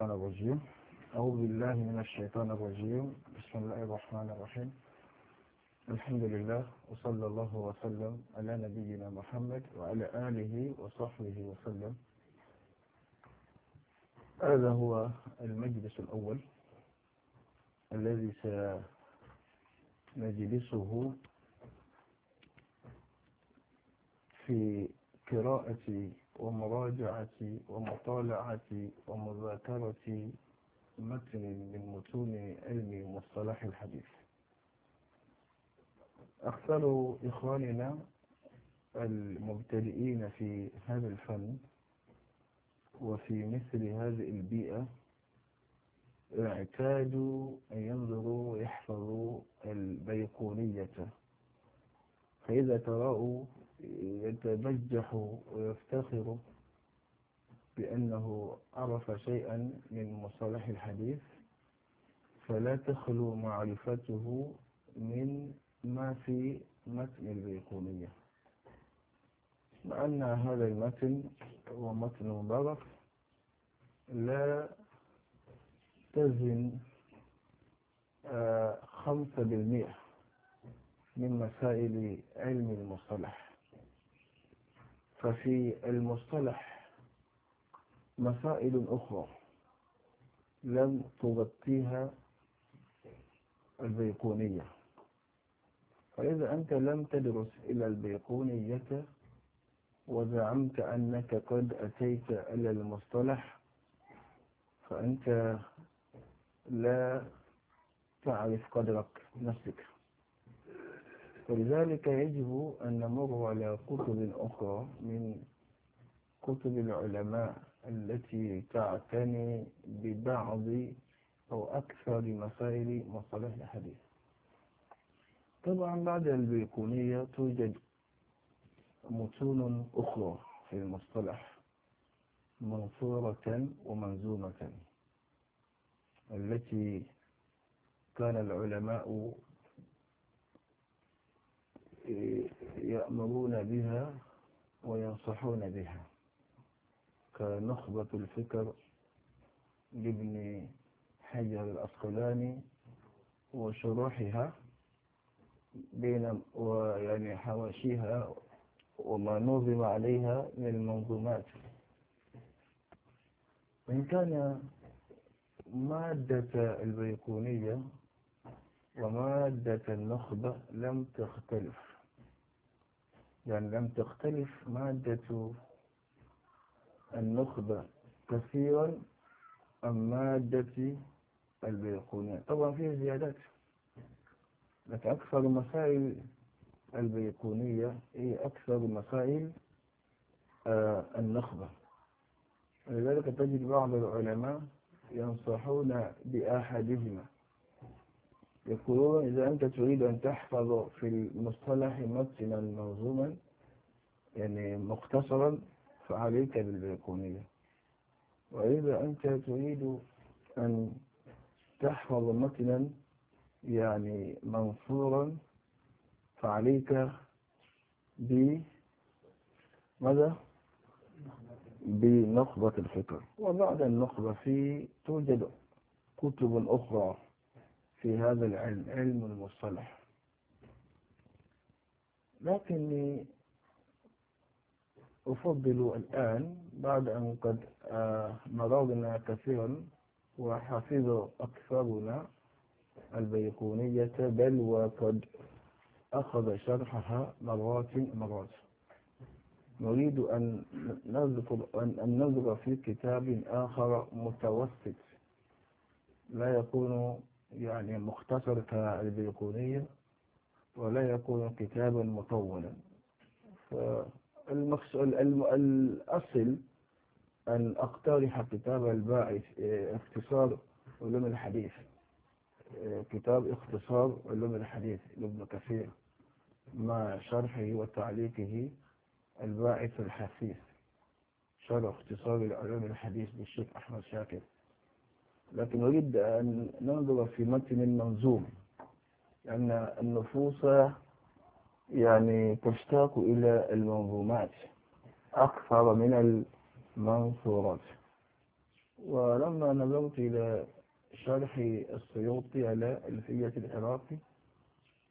الشيطان الرجيم أعوذ بالله من الشيطان الرجيم بسم الله الرحمن الرحيم الحمد لله وصلى الله وسلم على نبينا محمد وعلى آله وصحبه وسلم هذا هو المجلس الأول الذي سنجلسه في قراءة ومراجعة ومطالعة ومذاكرة متن من متون علم مصطلح الحديث أخسر إخواننا المبتدئين في هذا الفن وفي مثل هذه البيئة اعتادوا أن ينظروا ويحفظوا البيقونية فإذا تراءوا يتبجح ويفتخر بأنه عرف شيئا من مصطلح الحديث فلا تخلو معرفته من ما في متن البيقونية مع أن هذا المتن هو متن مبارك لا تزن آه، خمسة بالمئة من مسائل علم المصطلح ففي المصطلح مسائل أخرى لم تغطيها البيقونية فإذا أنت لم تدرس إلى البيقونية وزعمت أنك قد أتيت إلى المصطلح فأنت لا تعرف قدرك نفسك ولذلك يجب أن نمر على كتب أخرى من كتب العلماء التي تعتني ببعض أو أكثر مسائل مصطلح الحديث طبعا بعد البيكونية توجد متون أخرى في المصطلح منصورة ومنزومة التي كان العلماء يأمرون بها وينصحون بها كنخبة الفكر لابن حجر الأسقلاني وشروحها بين ويعني حواشيها وما نظم عليها من المنظومات وإن كان مادة البيكونية ومادة النخبة لم تختلف يعني لم تختلف مادة النخبة كثيرا عن مادة البيقونية طبعا فيه زيادات لكن أكثر مسائل البيقونية هي أكثر مسائل آه، النخبة لذلك تجد بعض العلماء ينصحون بأحدهما يقولون إذا أنت تريد أن تحفظ في المصطلح متنا منظوما يعني مختصرا فعليك بالبيكونية وإذا أنت تريد أن تحفظ متنا يعني منصورا فعليك ب ماذا؟ بنخبة الفكر وبعد النخبة فيه توجد كتب أخرى في هذا العلم علم المصطلح لكني أفضل الآن بعد أن قد آه، مرضنا كثيرا وحفظ أكثرنا البيقونية بل وقد أخذ شرحها مرات مرات نريد أن نذكر أن نذكر في كتاب آخر متوسط لا يكون يعني مختصر كالبيقونية ولا يكون كتابا مطولا فالأصل أن أقترح كتاب الباعث آه، اختصار علوم الحديث آه، كتاب اختصار علوم الحديث لابن كثير مع شرحه وتعليقه الباعث الحثيث شرح اختصار علوم الحديث للشيخ أحمد شاكر لكن أريد أن ننظر في متن المنظوم لأن النفوس يعني تشتاق إلى المنظومات أكثر من المنصورات ولما نظرت إلى شرح السيوطي على الفية العراقي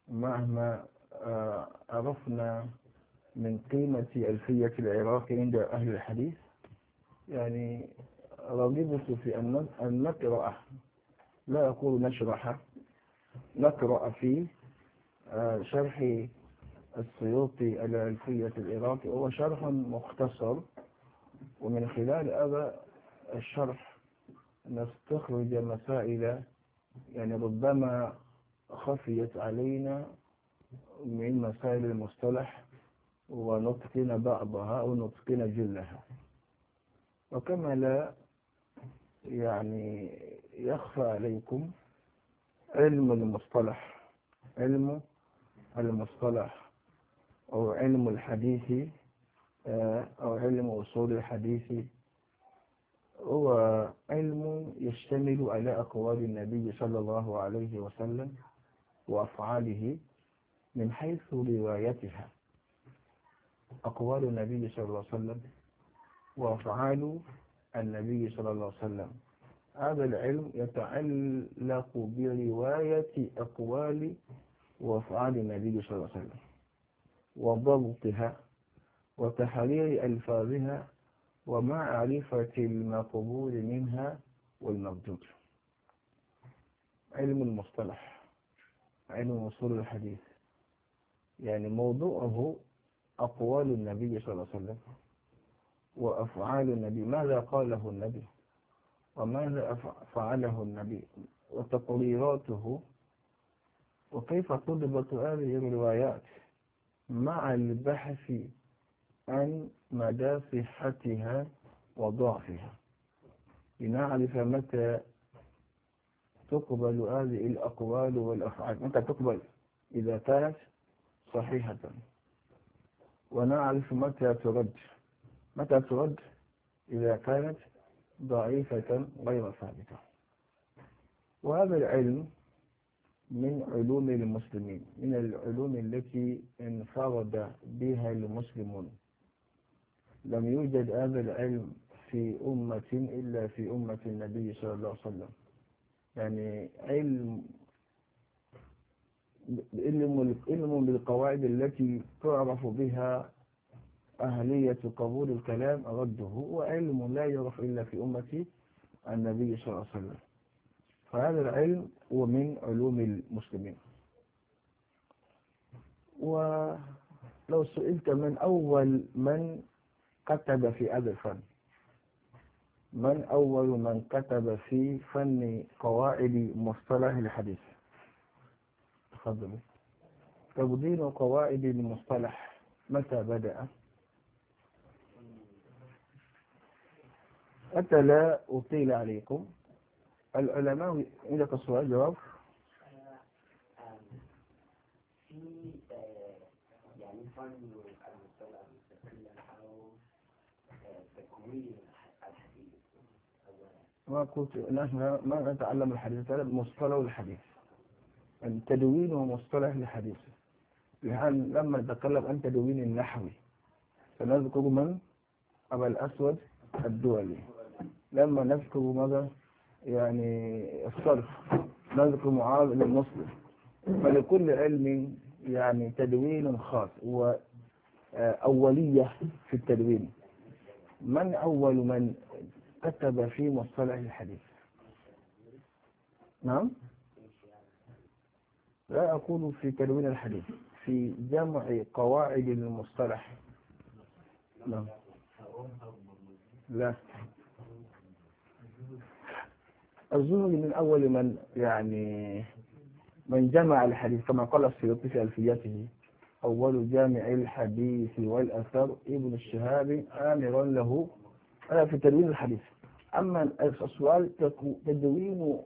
مهما آه، عرفنا من قيمة الفية العراقي عند أهل الحديث يعني رغبة في أن نقرأ لا يقول نشرح نقرأ في آه، شرح السيوطي العلفية الإراقي هو شرح مختصر ومن خلال هذا الشرح نستخرج مسائل يعني ربما خفيت علينا من مسائل المصطلح ونتقن بعضها ونطقنا جلها وكما لا يعني يخفى عليكم علم المصطلح علم المصطلح أو علم الحديث آه، أو علم أصول الحديث هو علم يشتمل على أقوال النبي صلى الله عليه وسلم وأفعاله من حيث روايتها أقوال النبي صلى الله عليه وسلم وأفعاله النبي صلى الله عليه وسلم هذا العلم يتعلق برواية أقوال وأفعال النبي صلى الله عليه وسلم وضبطها وتحرير ألفاظها ومعرفة المقبول منها والمردود علم المصطلح علم وصول الحديث يعني موضوعه أقوال النبي صلى الله عليه وسلم وأفعال النبي ماذا قاله النبي وماذا فعله النبي وتقريراته وكيف طلبت هذه الروايات مع البحث عن مدى صحتها وضعفها لنعرف متى تقبل هذه الأقوال والأفعال متى تقبل إذا كانت صحيحة ونعرف متى ترد متى ترد إذا كانت ضعيفة غير ثابتة وهذا العلم من علوم المسلمين من العلوم التي انفرد بها المسلمون لم يوجد هذا العلم في أمة إلا في أمة النبي صلى الله عليه وسلم يعني علم علم بالقواعد التي تعرف بها أهلية قبول الكلام رده وعلم لا يعرف إلا في أمة النبي صلى الله عليه وسلم فهذا العلم هو من علوم المسلمين ولو سئلت من أول من كتب في هذا الفن من أول من كتب في فن قواعد مصطلح الحديث تفضل تبدين قواعد المصطلح متى بدأ حتى لا أطيل عليكم العلماء عندك السؤال جواب ما قلت نحن ما نتعلم الحديث هذا مصطلح الحديث التدوين ومصطلح الحديث الآن لما نتكلم عن تدوين النحوي سنذكر من أبا الأسود الدولي لما نذكر ماذا يعني الصرف نذكر معاذ للمصدر فلكل علم يعني تدوين خاص آه، أولية في التدوين من أول من كتب في مصطلح الحديث نعم لا أقول في تدوين الحديث في جمع قواعد المصطلح نعم لا الزهري من أول من يعني من جمع الحديث كما قال السيوطي في ألفيته أول جامع الحديث والأثر ابن الشهاب آمرا له في تدوين الحديث أما السؤال تدوين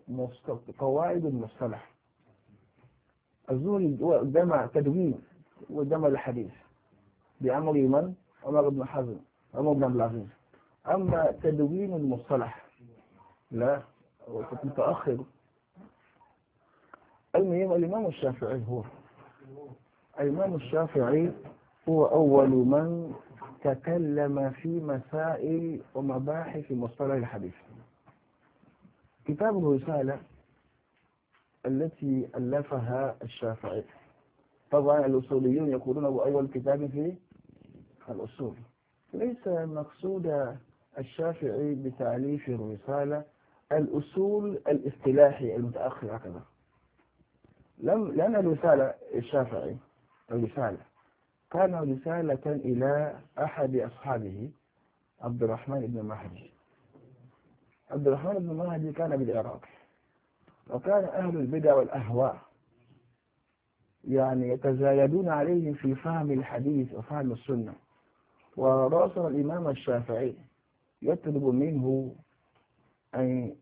قواعد المصطلح الزهري جمع تدوين وجمع الحديث بأمر من؟ عمر بن حزم عمر بن العزيز أما تدوين المصطلح لا وقت متأخر المهم الإمام الشافعي هو الإمام الشافعي هو أول من تكلم في مسائل ومباحث مصطلح الحديث كتاب الرسالة التي ألفها الشافعي طبعا الأصوليون يقولون هو أول كتاب في الأصول ليس مقصود الشافعي بتعليف الرسالة الأصول الاصطلاحي المتأخر هكذا لم لأن الرسالة الشافعي الرسالة كان رسالة إلى أحد أصحابه عبد الرحمن بن مهدي عبد الرحمن بن مهدي كان بالعراق وكان أهل البدع والأهواء يعني يتزايدون عليه في فهم الحديث وفهم السنة وراسل الإمام الشافعي يطلب منه أن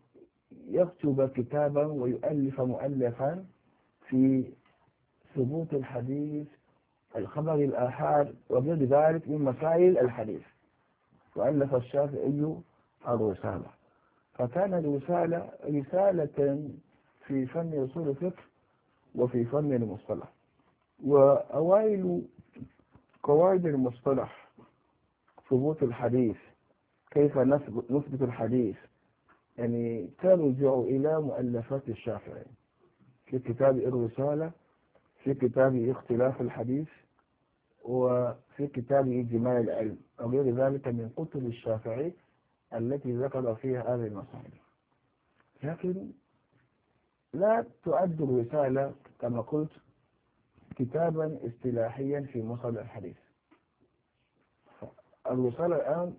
يكتب كتابا ويؤلف مؤلفا في ثبوت الحديث الخبر الآحاد وغير ذلك من مسائل الحديث وألف الشافعي الرسالة فكان الرسالة رسالة في فن أصول الفقه وفي فن المصطلح وأوائل قواعد المصطلح ثبوت الحديث كيف نثبت الحديث يعني ترجع إلى مؤلفات الشافعي في كتاب الرسالة في كتاب اختلاف الحديث وفي كتابه جمال العلم وغير ذلك من كتب الشافعي التي ذكر فيها هذه المصادر لكن لا تعد الرسالة كما قلت كتابا اصطلاحيا في مصدر الحديث الرسالة الآن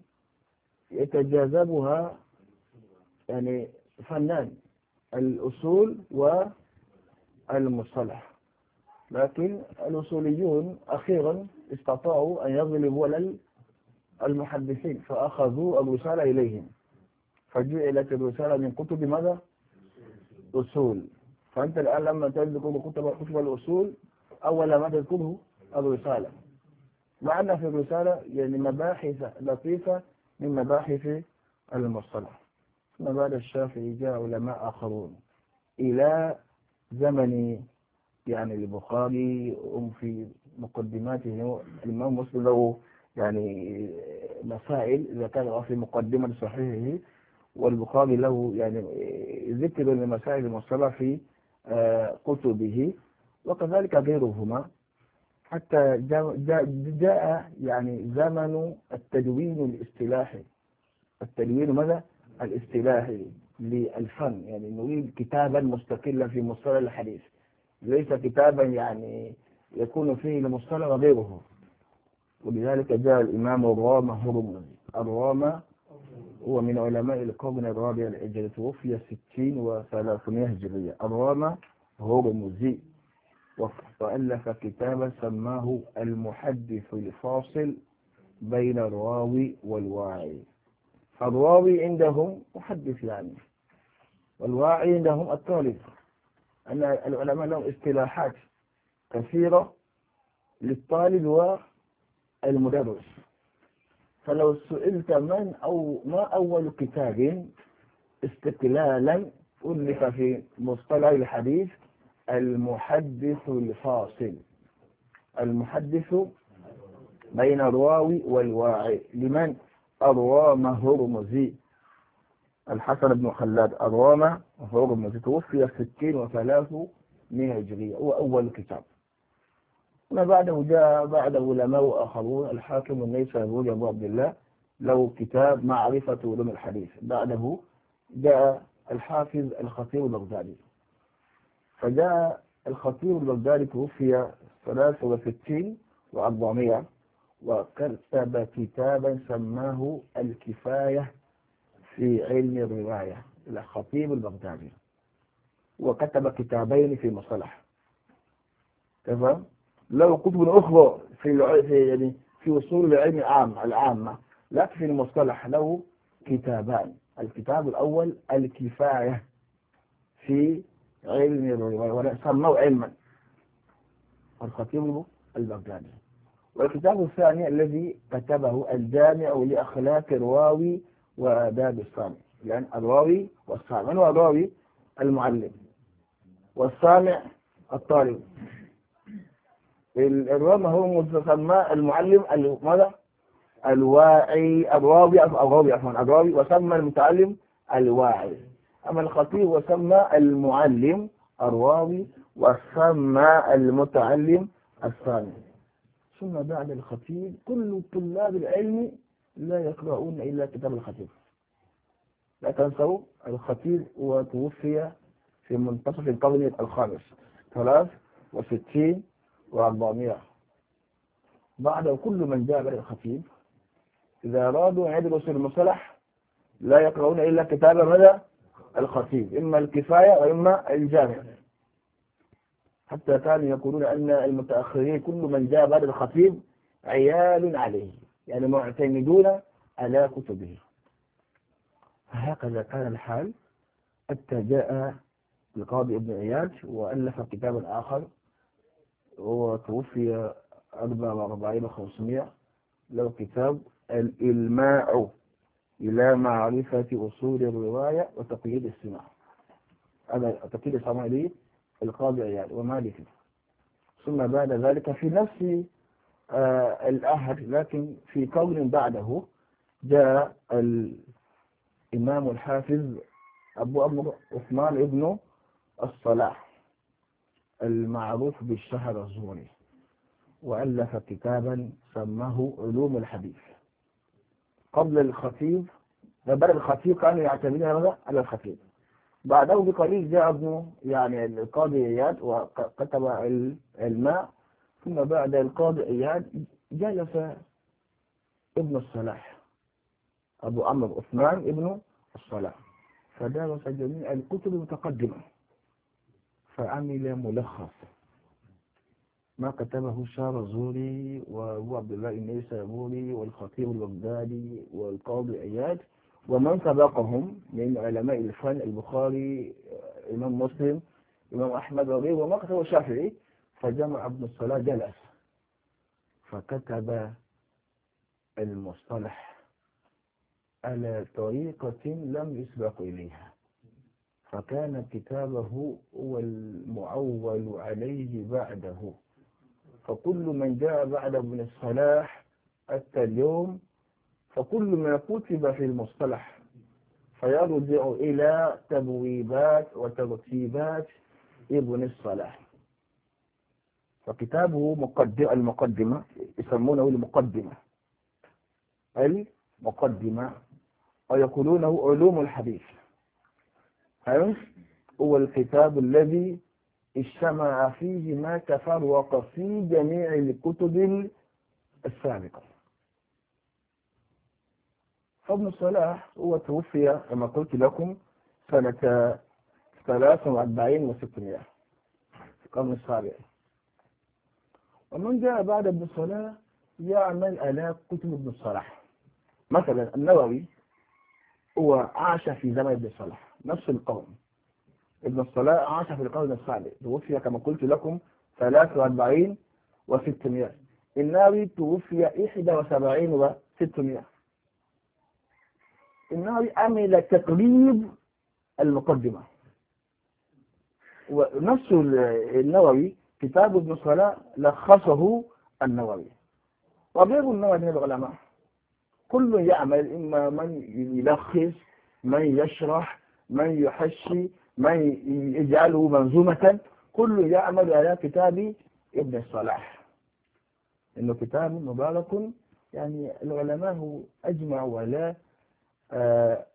يتجاذبها يعني فنان الأصول والمصطلح لكن الأصوليون أخيرا استطاعوا أن يغلبوا على المحدثين فأخذوا الرسالة إليهم فجعلت الرسالة من كتب ماذا؟ أصول فأنت الآن لما تذكر كتب كتب الأصول أول ما تذكره الرسالة مع أن في الرسالة يعني مباحث لطيفة من مباحث المصطلح ثم بعد الشافعي جاء علماء آخرون إلى زمن يعني البخاري هم في مقدماته الإمام مسلم له يعني مسائل ذكرها في مقدمة صحيحه والبخاري له يعني ذكر لمسائل المصطلح في آه، كتبه وكذلك غيرهما حتى جاء, جاء يعني زمن التدوين الاصطلاحي التدوين ماذا؟ الاصطلاحي للفن يعني نريد كتابا مستقلا في مصطلح الحديث ليس كتابا يعني يكون فيه المصطلح غيره ولذلك جاء الإمام الرامة هرمز الرامة هو من علماء القرن الرابع الهجري توفي 60 وثلاثمائة هجرية الرامة هرمزي وألف كتابا سماه المحدث الفاصل بين الراوي والواعي فالواوي عندهم محدث يعني والواعي عندهم الطالب أن العلماء لهم اصطلاحات كثيرة للطالب والمدرس فلو سئلت من أو ما أول كتاب استقلالا ألف في مصطلح الحديث المحدث الفاصل المحدث بين الراوي والواعي لمن أروام هرمزي الحسن بن خلاد أروام هرمزي توفي ستين وثلاث من هجرية هو أول كتاب ما بعده جاء بعد علماء آخرون الحاكم النيسابوري أبو عبد الله له كتاب معرفة علوم الحديث بعده جاء الحافظ الخطير البغدادي فجاء الخطير البغدادي توفي 63 و400 وكتب كتابا سماه الكفاية في علم الرواية للخطيب البغدادي وكتب كتابين في مصطلح تمام له كتب أخرى في في يعني في وصول العلم العام العامة لكن في المصطلح له كتابان الكتاب الأول الكفاية في علم الرواية سموه علما الخطيب البغدادي والكتاب الثاني الذي كتبه الجامع لأخلاق الراوي وآداب الصامع لأن يعني الراوي والصامع من هو الراوي المعلم والصامع الطالب الراوي هو مسمى المعلم ماذا؟ الواعي الراوي الراوي عفوا الراوي وسمى المتعلم الواعي أما الخطيب وسمى المعلم الراوي وسمى المتعلم الصامع ثم بعد الخطيب كل طلاب العلم لا يقرؤون إلا كتاب الخطيب لا تنسوا الخطيب وتوفي في منتصف القرن الخامس ثلاث وستين وأربعمائة بعد كل من جاء بعد الخطيب إذا أرادوا أن يدرسوا المصطلح لا يقرؤون إلا كتاب ماذا الخطيب إما الكفاية وإما الجامع حتى كانوا يقولون أن المتأخرين كل من جاء بعد الخطيب عيال عليه يعني معتمدون على كتبه هكذا كان الحال حتى جاء القاضي ابن عياش وألف كتابا آخر وتوفي 44 500 له كتاب الإلماع إلى معرفة أصول الرواية وتقييد السماع هذا تقييد السماع ليه القاضي عياد ومالك ثم بعد ذلك في نفس آه الأهد لكن في قول بعده جاء الإمام الحافظ أبو أمر عثمان ابن الصلاح المعروف بالشهر الزوري وألف كتابا سماه علوم الحديث قبل الخطيب بل الخطيب كانوا يعتمدون على الخطيب بعده بقليل جاء ابنه يعني القاضي إياد وكتب الماء ثم بعد القاضي إياد جلس ابن الصلاح أبو عمرو عثمان ابن الصلاح فدرس جميع الكتب المتقدمة فعمل ملخص ما كتبه الشار الزوري وابو عبد الله النيسابوري والخطيب البغدادي والقاضي اياد ومن سبقهم من علماء الفن البخاري إمام مسلم إمام أحمد وغيره ومقته الشافعي فجمع ابن الصلاة جلس فكتب المصطلح على طريقة لم يسبق إليها فكان كتابه هو المعول عليه بعده فكل من جاء بعد ابن الصلاح حتى اليوم فكل ما كتب في المصطلح فيرجع إلى تبويبات وترتيبات ابن الصلاح فكتابه مقدم المقدمة يسمونه المقدمة المقدمة ويقولونه علوم الحديث هو الكتاب الذي اجتمع فيه ما تفرق في جميع الكتب السابقة فابن صلاح هو توفي كما قلت لكم سنة 43 و600 في القرن السابع ومن جاء بعد ابن صلاح يعمل آلاف كتب ابن صلاح مثلا النووي هو عاش في زمن ابن صلاح نفس القوم ابن صلاح عاش في القرن السابع توفي كما قلت لكم 43 و600 الناوي توفي 71 و600 النووي عمل تقريب المقدمة ونفس النووي كتاب ابن الصلاة لخصه النووي وغير النووي من العلماء كل يعمل إما من يلخص من يشرح من يحشي من يجعله منظومة كل يعمل على كتاب ابن الصلاح إنه كتاب مبارك يعني العلماء أجمعوا ولا آه،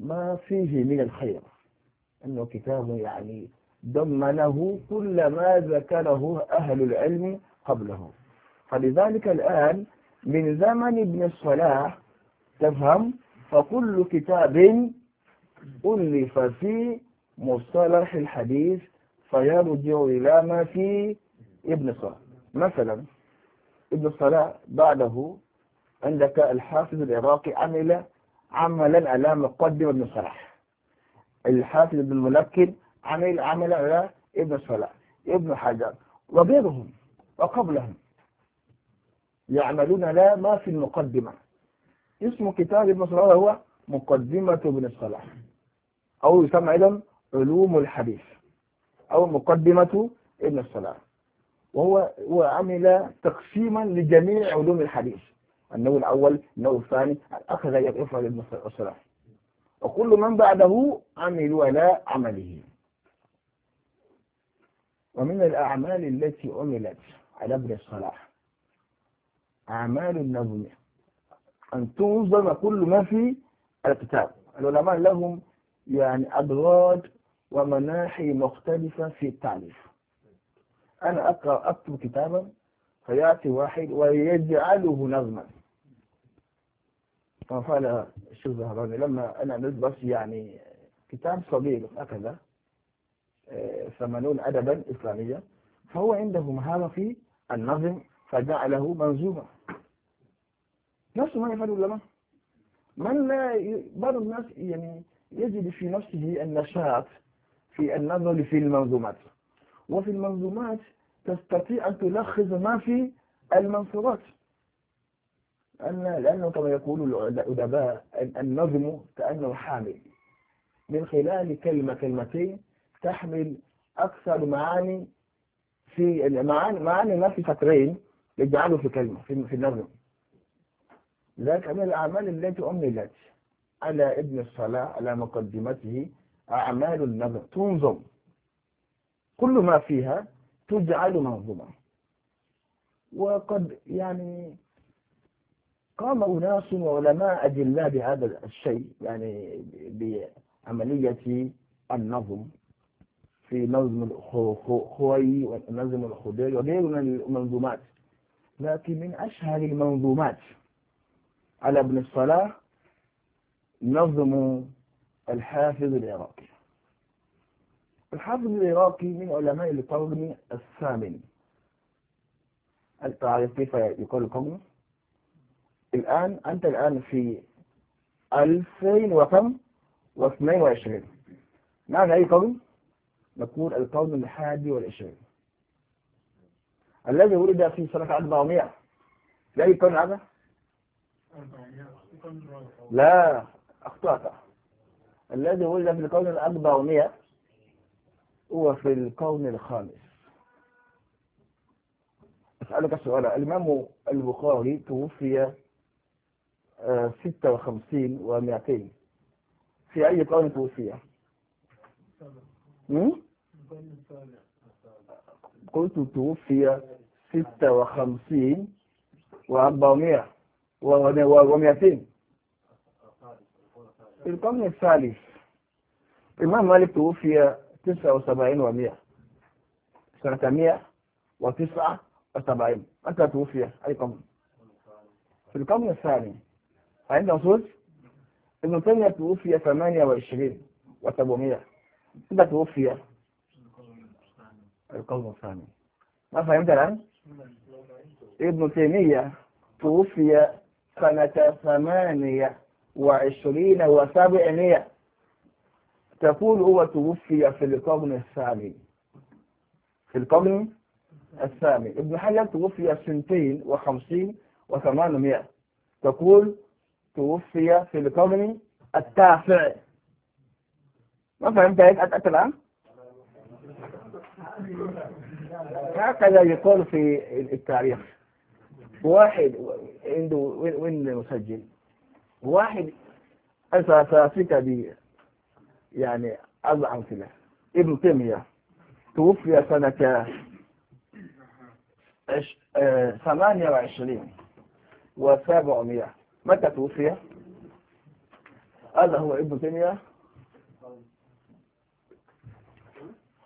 ما فيه من الخير أنه كتاب يعني ضمنه كل ما ذكره أهل العلم قبله فلذلك الآن من زمن ابن الصلاح تفهم فكل كتاب ألف في مصطلح الحديث فيرجع إلى ما في ابن صلاح مثلا ابن الصلاح بعده عندك الحافظ العراقي عمل عملا على مقدم ابن صلاح الحافظ بن ملكن عمل عمل على ابن صلاح ابن حجر وغيرهم وقبلهم يعملون لا ما في المقدمة اسم كتاب ابن صلاح هو مقدمة ابن صلاح أو يسمى أيضا علوم الحديث أو مقدمة ابن الصلاح وهو عمل تقسيما لجميع علوم الحديث النوع الأول النوع الثاني أخذ يقفها للمسلم والسلام وكل من بعده عمل ولا عمله ومن الأعمال التي عملت على ابن الصلاح أعمال النظم أن تنظم كل ما في الكتاب العلماء لهم يعني أبغاد ومناحي مختلفة في التعليف أنا أقرأ أكتب كتابا فيأتي واحد ويجعله نظما فقال شو الشيخ زهراني لما أنا ندرس يعني كتاب صغير هكذا آه، ثمانون أدبا إسلامية فهو عنده مهارة في النظم فجعله منظومة نفس ما يفعل العلماء من لا بعض الناس يعني يجد في نفسه النشاط في النظر في المنظومات وفي المنظومات تستطيع أن تلخص ما في المنصورات أن لأنه كما يقول الأدباء النظم كأنه حامل من خلال كلمة كلمتين تحمل أكثر معاني في المعاني معاني في فترين يجعله في كلمة في, في النظم ذلك من الأعمال التي أملت على ابن الصلاة على مقدمته أعمال النظم تنظم كل ما فيها تجعل منظومة وقد يعني قام أناس وعلماء أدلاء بهذا الشيء يعني بعملية النظم في نظم الخوي ونظم الخدير وغير من المنظومات لكن من أشهر المنظومات على ابن الصلاح نظم الحافظ العراقي الحافظ العراقي من علماء القرن الثامن تعرف كيف يقول القرن الآن أنت الآن في ألفين وكم واثنين وعشرين معنى أي قول نقول القول الحادي والعشرين الذي ولد في سنة أربعمائة لا يكون هذا لا أخطأت الذي ولد في القرن الأربعمائة هو في القرن الخامس أسألك سؤال الإمام البخاري توفي ستة وخمسين 200 في أي قرن توفي؟ قلت توفي ستة وخمسين وأربعمائة 200 في القرن الثالث الإمام مالك توفي تسعة وسبعين 100 سنة 179 وتسعة وسبعين متى توفي أي قرن؟ في القرن الثاني عندنا صوت ابن تيمية توفي 28 و700 ده توفي القول الثاني ما فهمت الآن؟ ابن تيمية توفي سنة 28 و700 تقول هو توفي في القرن الثاني في القرن الثاني ابن حجر توفي سنتين وخمسين وثمانمائة تقول توفي في القرن التاسع ما فهمت ايش اتأت الان هكذا يقول في التاريخ واحد عنده وين مسجل واحد أساسا ثقه يعني اربع امثله ابن تيميه توفي سنه 28 آه، و700 متى توفي هذا هو ابن تيمية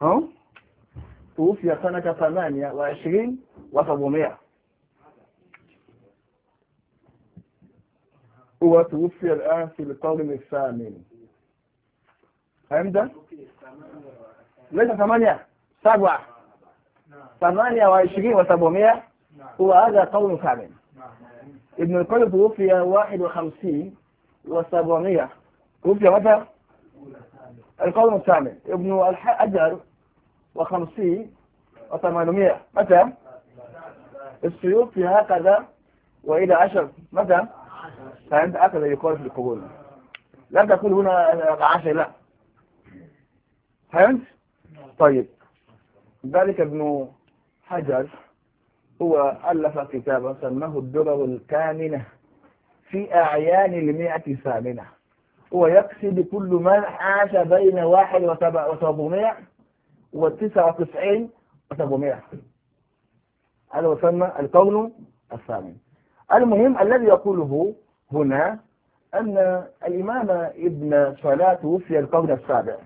ها توفي سنة ثمانية وعشرين وسبعمائة هو توفي الآن في القرن الثامن فهمت؟ ليس ثمانية سبعة ثمانية وعشرين وسبعمائة هو هذا قول ثامن ابن القيم توفي 51 و700 توفي متى؟ القوم الثامن ابن الحجر و50 و800 متى؟ السيوطي هكذا وإلى عشر متى؟ فأنت هكذا يقال في القبول لم تقول هنا عشر لا فهمت؟ طيب ذلك ابن حجر هو ألف كتابا سماه الدرر الكامنة في أعيان المئة ثامنة هو يقصد كل من عاش بين واحد وسبعمائة وتسعة وتسعين وسبعمائة هذا يسمى الكون الثامن المهم الذي يقوله هنا أن الإمام ابن صلاة توفي القرن السابع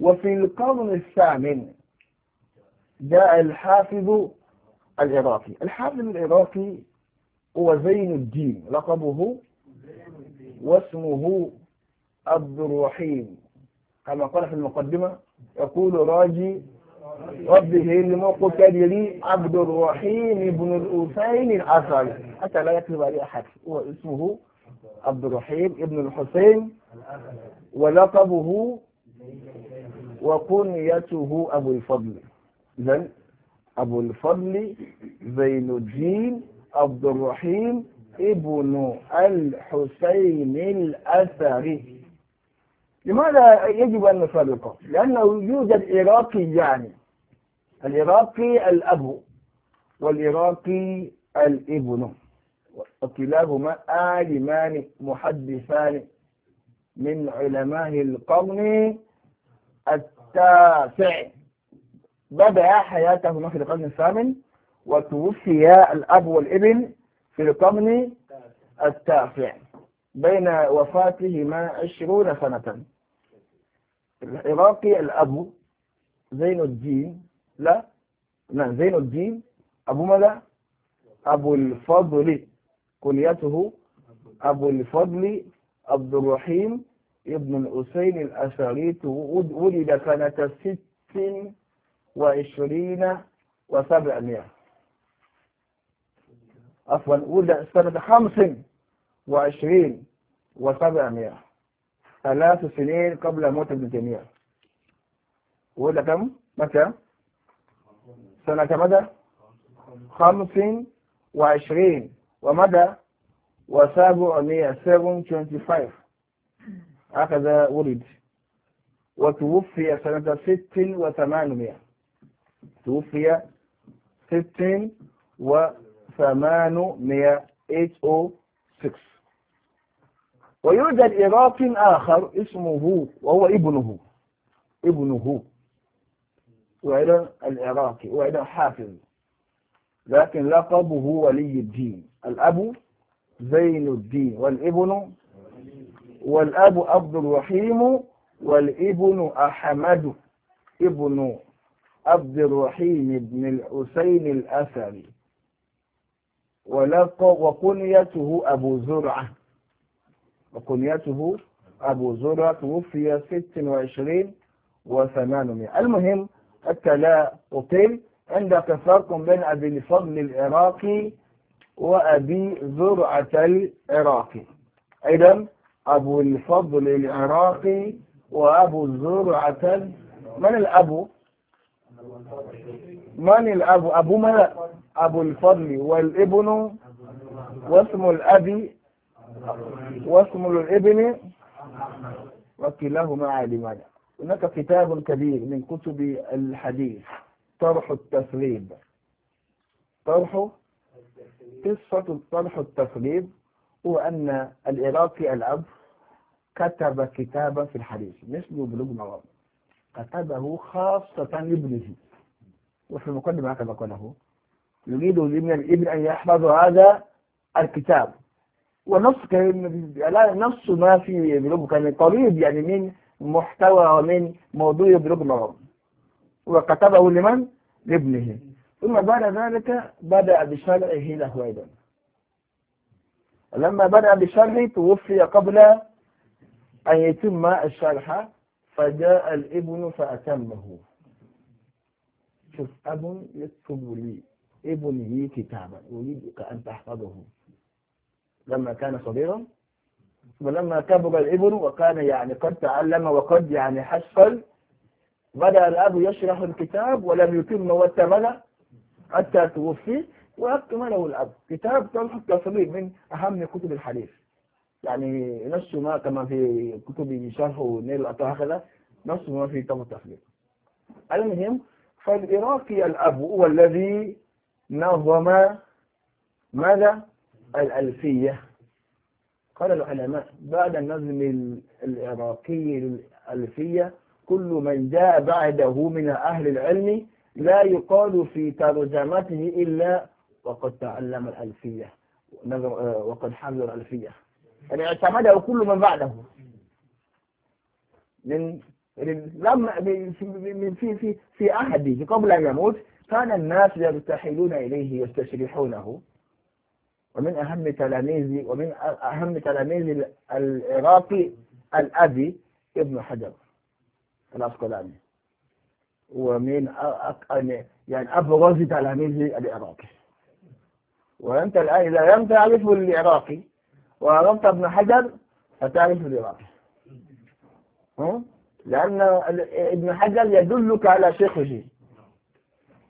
وفي القرن الثامن جاء الحافظ العراقي الحافظ العراقي هو زين الدين لقبه واسمه عبد الرحيم كما قال في المقدمة يقول راجي ربه لي عبد الرحيم بن الحسين الأثري حتى لا يكذب عليه أحد هو اسمه عبد الرحيم ابن الحسين ولقبه وكنيته أبو الفضل إذن أبو الفضل زين الدين عبد الرحيم ابن الحسين الأثري لماذا يجب أن نفرقه؟ لأنه يوجد عراقي يعني العراقي الأب والعراقي الابن وكلاهما عالمان محدثان من علماء القرن التاسع بدأ حياتهما في القرن الثامن وتوفي الأب والابن في القرن التاسع بين وفاتهما عشرون سنة العراقي الأب زين الدين لا لا زين الدين أبو ماذا أبو الفضل كليته أبو الفضل عبد الرحيم ابن الحسين الأشاريت ولد سنة ست وعشرين وسبعمائة عفوا ولد سنة خمس وعشرين وسبعمائة ثلاث سنين قبل موت ابن تيمية ولد كم؟ متى؟ سنة مدى؟ خمس وعشرين ومدى؟ وسبعمائة سبعون فايف هكذا ولد وتوفي سنة ست وثمانمائة توفي ستين او سكس ويوجد إراقي آخر اسمه وهو ابنه ابنه وإلى العراقي وإلى حافظ لكن لقبه ولي الدين الأب زين الدين والابن والأب عبد الرحيم والابن أحمد ابن عبد الرحيم بن الحسين الأثري ولقب وكنيته أبو زرعة وكنيته أبو زرعة توفي 26 و800 المهم حتى لا أطيل عندك فرق بين أبي الفضل العراقي وأبي زرعة العراقي أيضا أبو الفضل العراقي وأبو زرعة من الأبو من الأب أبو ما أبو الفضل والابن واسم الأب واسم الابن وكلاهما عالمان هناك كتاب كبير من كتب الحديث طرح التسليب طرح قصة طرح التسليب هو أن العراقي الأب كتب كتابا في الحديث مثل بلوغ مرام كتبه خاصة لابنه وفي المقدمة هكذا قاله يريد من الابن أن يحفظ هذا الكتاب ونص لا نص ما في بلوغ كان قريب يعني من محتوى ومن موضوع بلوغ المرام وكتبه لمن؟ لابنه ثم بعد ذلك بدأ بشرعه له أيضا لما بدأ بشرعه توفي قبل أن يتم الشرح فجاء الابن فأتمه شوف أب يكتب لي ابنه كتابا أريدك أن تحفظه لما كان صغيرا ولما كبر الابن وكان يعني قد تعلم وقد يعني حصل بدأ الأب يشرح الكتاب ولم يتم واتمله حتى توفي وأكمله الأب كتاب طلح التصريف من أهم كتب الحديث يعني نفس ما كما في كتب شرح نيل الأطهار هكذا نص ما في طب التخليق المهم فالعراقي الأب هو الذي نظم ماذا؟ الألفية قال العلماء بعد النظم العراقي الألفية كل من جاء بعده من أهل العلم لا يقال في ترجمته إلا وقد تعلم الألفية آه، وقد حفظ الألفية قد يعني اعتمده كل من بعده من لما من في في في عهده قبل أن يموت كان الناس يرتحلون إليه يستشرحونه ومن أهم تلاميذ ومن أهم تلاميذ العراقي الأبي ابن حجر العسقلاني ومن يعني أبرز تلاميذ العراقي وأنت الآن إذا لم تعرف العراقي وربط ابن حجر فتعرف الإرادة لأن ابن حجر يدلك على شيخه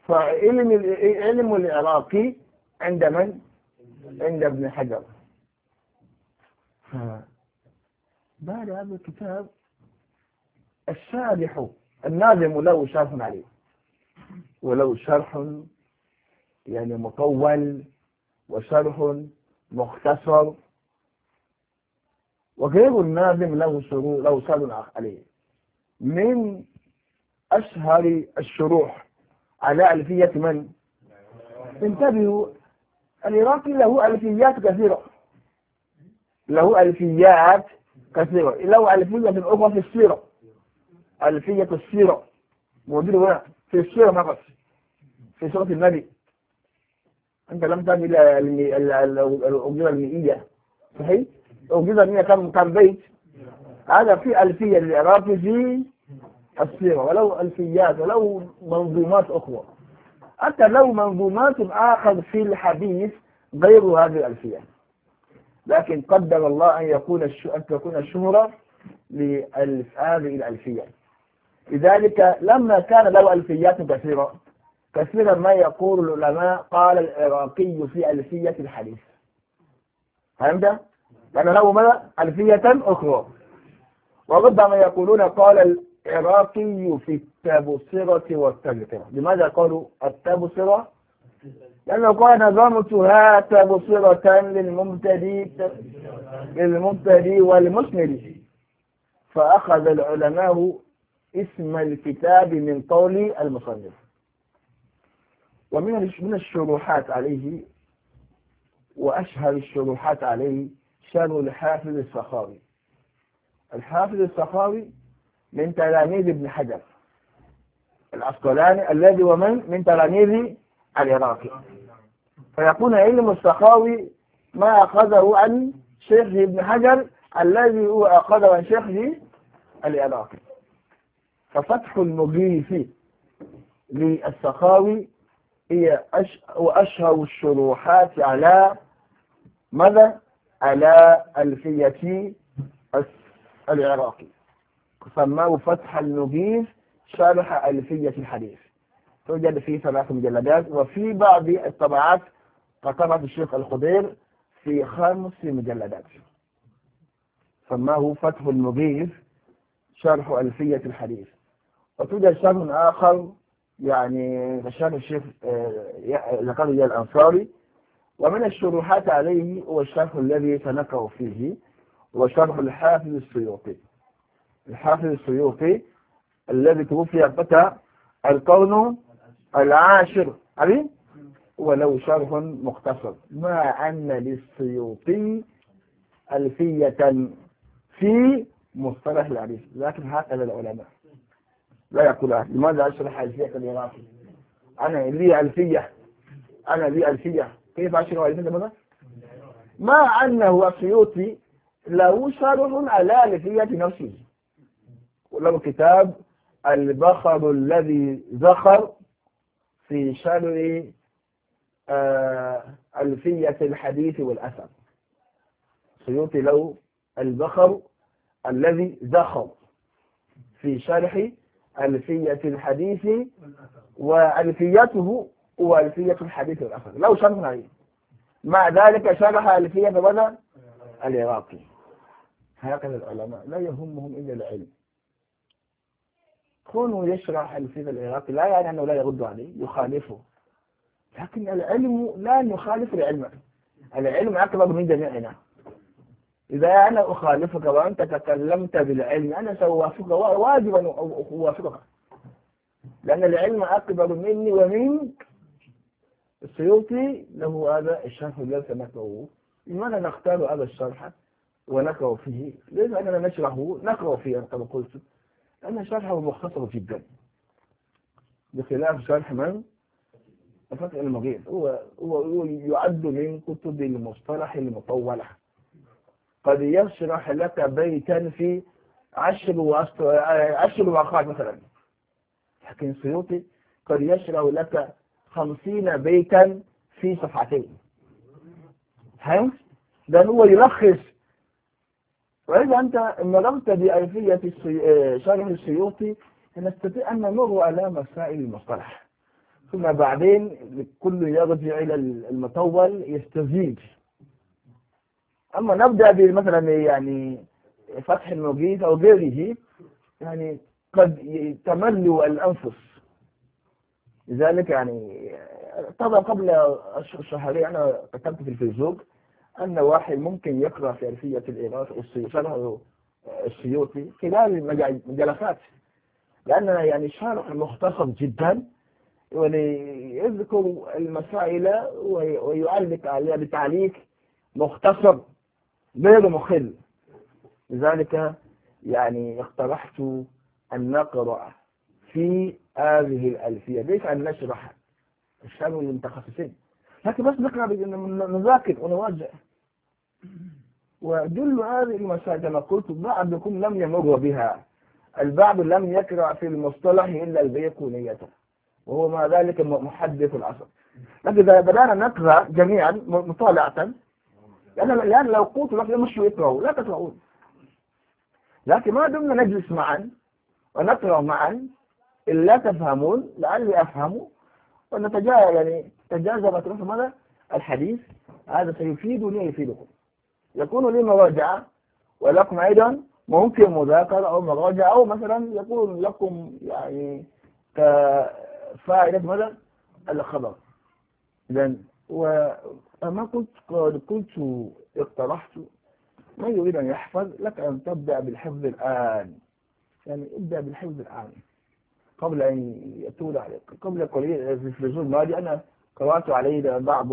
فعلم العلم العراقي عند من؟ عند ابن حجر بعد هذا الكتاب الشارح الناظم له شرح عليه ولو شرح يعني مطول وشرح مختصر وغير النادم له شروح له سال عليه من أشهر الشروح على ألفية من؟ انتبهوا العراقي له ألفيات كثيرة له ألفيات كثيرة له ألفية أخرى في السيرة ألفية السيرة موجودة هنا في السيرة فقط في سورة النبي أنت لم تجد الأمور المئية صحيح؟ أوجد 100 كم كم بيت هذا في ألفية للإعراب في السيرة ولو ألفيات ولو منظومات أخرى حتى لو منظومات آخر في الحديث غير هذه الألفية لكن قدر الله أن يكون أن تكون الشهرة لهذه الألفية لذلك لما كان له ألفيات كثيرة كثيرا ما يقول العلماء قال العراقي في ألفية الحديث فهمت؟ لأن ماذا ألفية أخرى وربما يقولون قال العراقي في التبصرة والتذكرة لماذا قالوا التبصرة؟ لأنه قال نظمتها تبصرة للمبتدي للمبتدي والمسند فأخذ العلماء اسم الكتاب من قول المصنف ومن من الشروحات عليه وأشهر الشروحات عليه شانه لحافظ السخاوي الحافظ السخاوي من تلاميذ ابن حجر العسقلاني الذي ومن من تلاميذ العراقي فيكون علم السخاوي ما أخذه عن شيخه ابن حجر الذي هو أخذه عن شيخه العراقي ففتح المغيث للسخاوي هي أشهر الشروحات على ماذا؟ على ألفية العراقي سماه فتح النبيذ شرح ألفية الحديث توجد في ثلاث مجلدات وفي بعض الطبعات قطعت الشيخ الخضير في خمس مجلدات سماه فتح المغيث شرح ألفية الحديث وتوجد شرح آخر يعني شرح الشيخ زكريا آه، الأنصاري ومن الشروحات عليه هو الشرح الذي سنقع فيه وشرح الحافظ السيوطي الحافظ السيوطي الذي توفي متى القرن العاشر علي ولو شرح مختصر ما أن للسيوطي ألفية في مصطلح العريس لكن هكذا العلماء لا يقول لماذا أشرح ألفية الإراقي أنا لي ألفية أنا لي ألفية كيف عشر والدين ماذا؟ مع أنه السيوطي له شرح على لفية نفسه وله كتاب البخر الذي زخر في شرع آه، ألفية الحديث والأثر سيوطي له البخر الذي زخر في شرح ألفية الحديث وألفيته وألفية الحديث الأخر لو شرح عليه مع ذلك شرح ألفية بدر العراقي هكذا العلماء لا يهمهم إلا العلم كونه يشرح ألفية العراقي لا يعني أنه لا يرد عليه يخالفه لكن العلم لا يخالف العلم العلم أكبر من جميعنا إذا أنا أخالفك وأنت تكلمت بالعلم أنا سأوافقك واجبا أوافقك لأن العلم أكبر مني ومنك السيوطي له هذا الشرح ليس نكره لماذا نختار هذا الشرح ونقرأ فيه ليس أننا نشرحه نقرأ فيه كما قلت أن شرحه مختصر جدا بخلاف شرح من الفتح المغيب هو, هو, يعد من كتب المصطلح المطولة قد يشرح لك بيتا في عشر وعشر عشر مثلا لكن السيوطي قد يشرح لك خمسين بيتا في صفحتين فهمت؟ ده هو يلخص وإذا أنت مررت بألفية آه، شرح السيوطي نستطيع أن نمر على مسائل المصطلح ثم بعدين كل يرجع إلى المطول يستزيد أما نبدأ بمثلا يعني فتح المجيد أو غيره يعني قد تملوا الأنفس لذلك يعني طبعا قبل شهرين أنا كتبت في الفيسبوك أن واحد ممكن يقرأ في عرفية الإيراث السيوطي خلال المجلسات لأننا يعني شارح مختصر جدا ويذكر المسائل ويعلق عليها بتعليق مختصر غير مخل لذلك يعني اقترحت أن نقرأ في هذه الألفية ليش أن نشرح الشعب المتخصصين لكن بس نقرأ نذاكر ونواجه وجل هذه المسائل كما قلت بعضكم لم يمر بها البعض لم يقرأ في المصطلح إلا البيكونية وهو مع ذلك محدث العصر لكن إذا بدأنا نقرأ جميعا مطالعة لأن الآن لو قلت لك مش يقرأوا لا تقرؤون لكن ما دمنا نجلس معا ونقرأ معا إن لا تفهمون لعلي أفهم وأن يعني تجاذبت ما تقول الحديث هذا سيفيدني يفيدكم يكون لي مراجعة ولكم أيضا ممكن مذاكرة أو مراجعة أو مثلا يكون لكم يعني كفائدة ماذا الخبر إذا وما كنت قد كنت اقترحت من يريد أن يحفظ لك أن تبدأ بالحفظ الآن يعني ابدأ بالحفظ الآن قبل أن يطول عليك قبل قليل في الزول الماضي أنا قرأت عليه بعض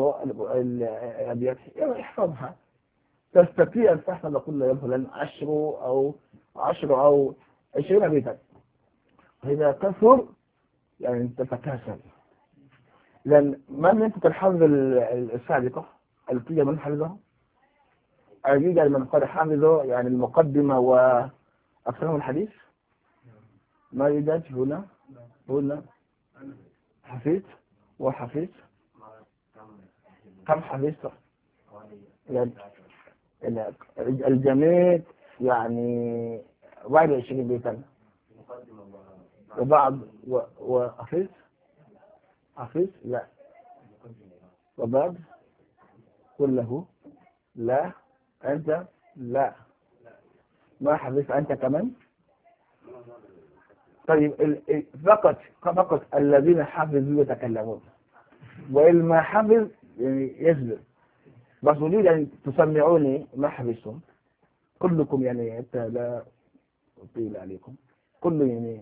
الأبيات احفظها تستطيع أن تحفظ كل مثلا عشر أو عشر أو عشرين بيتا فإذا كثر يعني تتكاسل لأن ما منطق الحفظ السابقة التي من حفظها أجيد من قد حفظه يعني المقدمة وأكثرهم الحديث ما يوجد هنا قلنا حفيظ وحفيظ كم حفيظ يعني الجميع يعني 21 بيتا وبعض وحفيظ حفيظ لا وبعض كله لا أنت لا ما حفيظ أنت كمان طيب فقط فقط الذين حفظوا يتكلمون وإن ما حفظ يعني يصبر بس أريد أن تسمعوني ما حفظتم كلكم يعني حتى لا أطيل عليكم كل يعني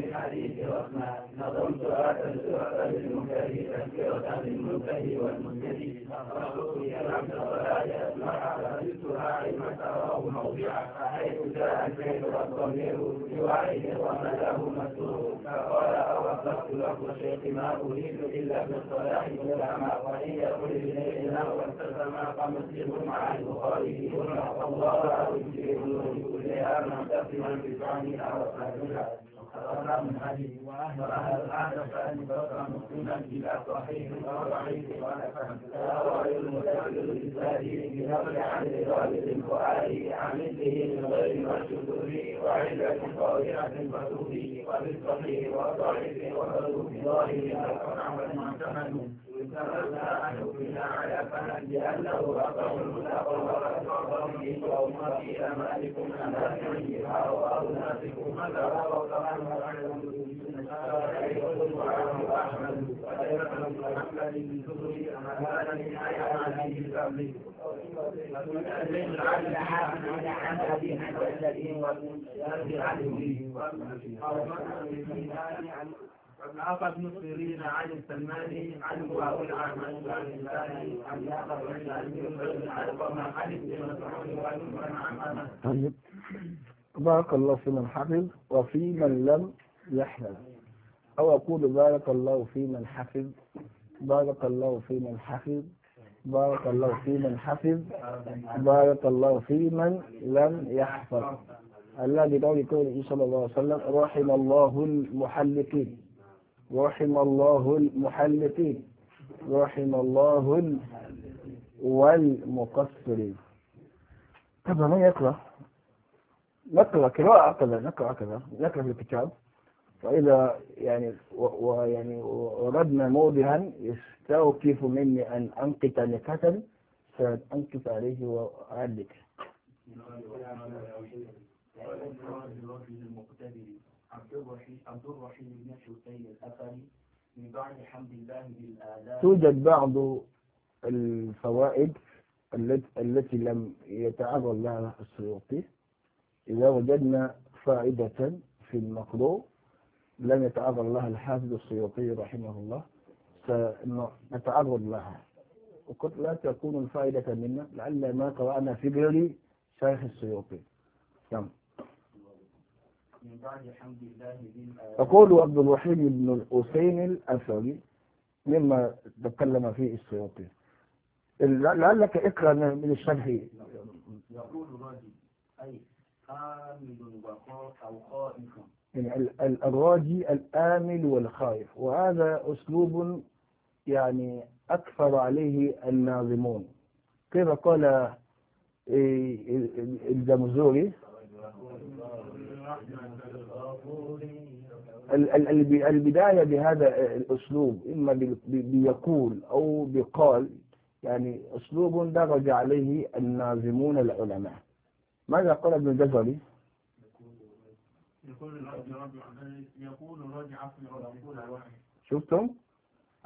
الحديث واسمع نظمت آتا سوحة بالمكره تذكرة بالمنتهي والمنتهي فقلت يا العبد ولا يسمع فزدتها عما تراه موضعا فحيث جاء الفعل والضمير يوعيه وملاه مستور فقال اوقفت لفظ شيخ ما أريد إلا بالصلاح والسمع وإن يقل إلينا والتزم فمسلم مع البخاري والله أو الجيل كلها منتقما بفعلها وفعلها فأكرم عليه وأهل فأن فأكرم مسلما إلى صحيح ورعيه وعلى المتعلم بذاته بنقل عن الوالد وآله عن من غير مشهور وعلة قوية مكتوبه وبالصحيح والضعيف والمظلوم ظاهر الحق عمل فتولى عنه فجعل فهدي له أبوه فقال قومي قوم في أمالكم أنا سيئها وأولادكم أنا وقد أمر عنهم أحمد وأيضا محمد بن زهري أمانة من آية عليه فضله لعل حافظ على عبده والذين والمنشآت عليه والمنشآت عليه عن عن عن عن طيب بارك الله في من حفظ وفي من لم يحفظ أو أقول بارك الله في من حفظ بارك الله في من حفظ بارك الله في من حفظ بارك الله في من لم يحفظ الذي قال قوله صلى الله عليه وسلم رحم الله المحلقين رحم الله المحلقين رحم الله والمقصرين طب من يقرأ نقرأ قراءة كذا نقرأ كذا نقرأ في الكتاب فإذا يعني ويعني وردنا موضعا يستوقف مني أن أنقط نكتا سأنقط عليه وأعلك الرحيم بن حسين الأثري من بعد حمد الله بالآلاء توجد بعض الفوائد التي, التي لم يتعرض لها السيوطي إذا وجدنا فائدة في المقروء لم يتعرض لها الحافظ السيوطي رحمه الله سنتعرض لها وقد لا تكون الفائدة منا لعل ما قرأنا في غير شيخ السيوطي نعم يقول عبد الوحيد بن الحسين الأثري مما تكلم فيه السيوطي لعلك اقرا من الشرح يقول راجي أي آمل أو خائف الراجي الآمل والخائف وهذا أسلوب يعني أكثر عليه الناظمون كما قال إيه- إيه- إيه- الجمزوري البداية بهذا الأسلوب إما بيقول أو بقال يعني أسلوب درج عليه الناظمون العلماء ماذا قال ابن الجزري؟ يقول رجع شفتم؟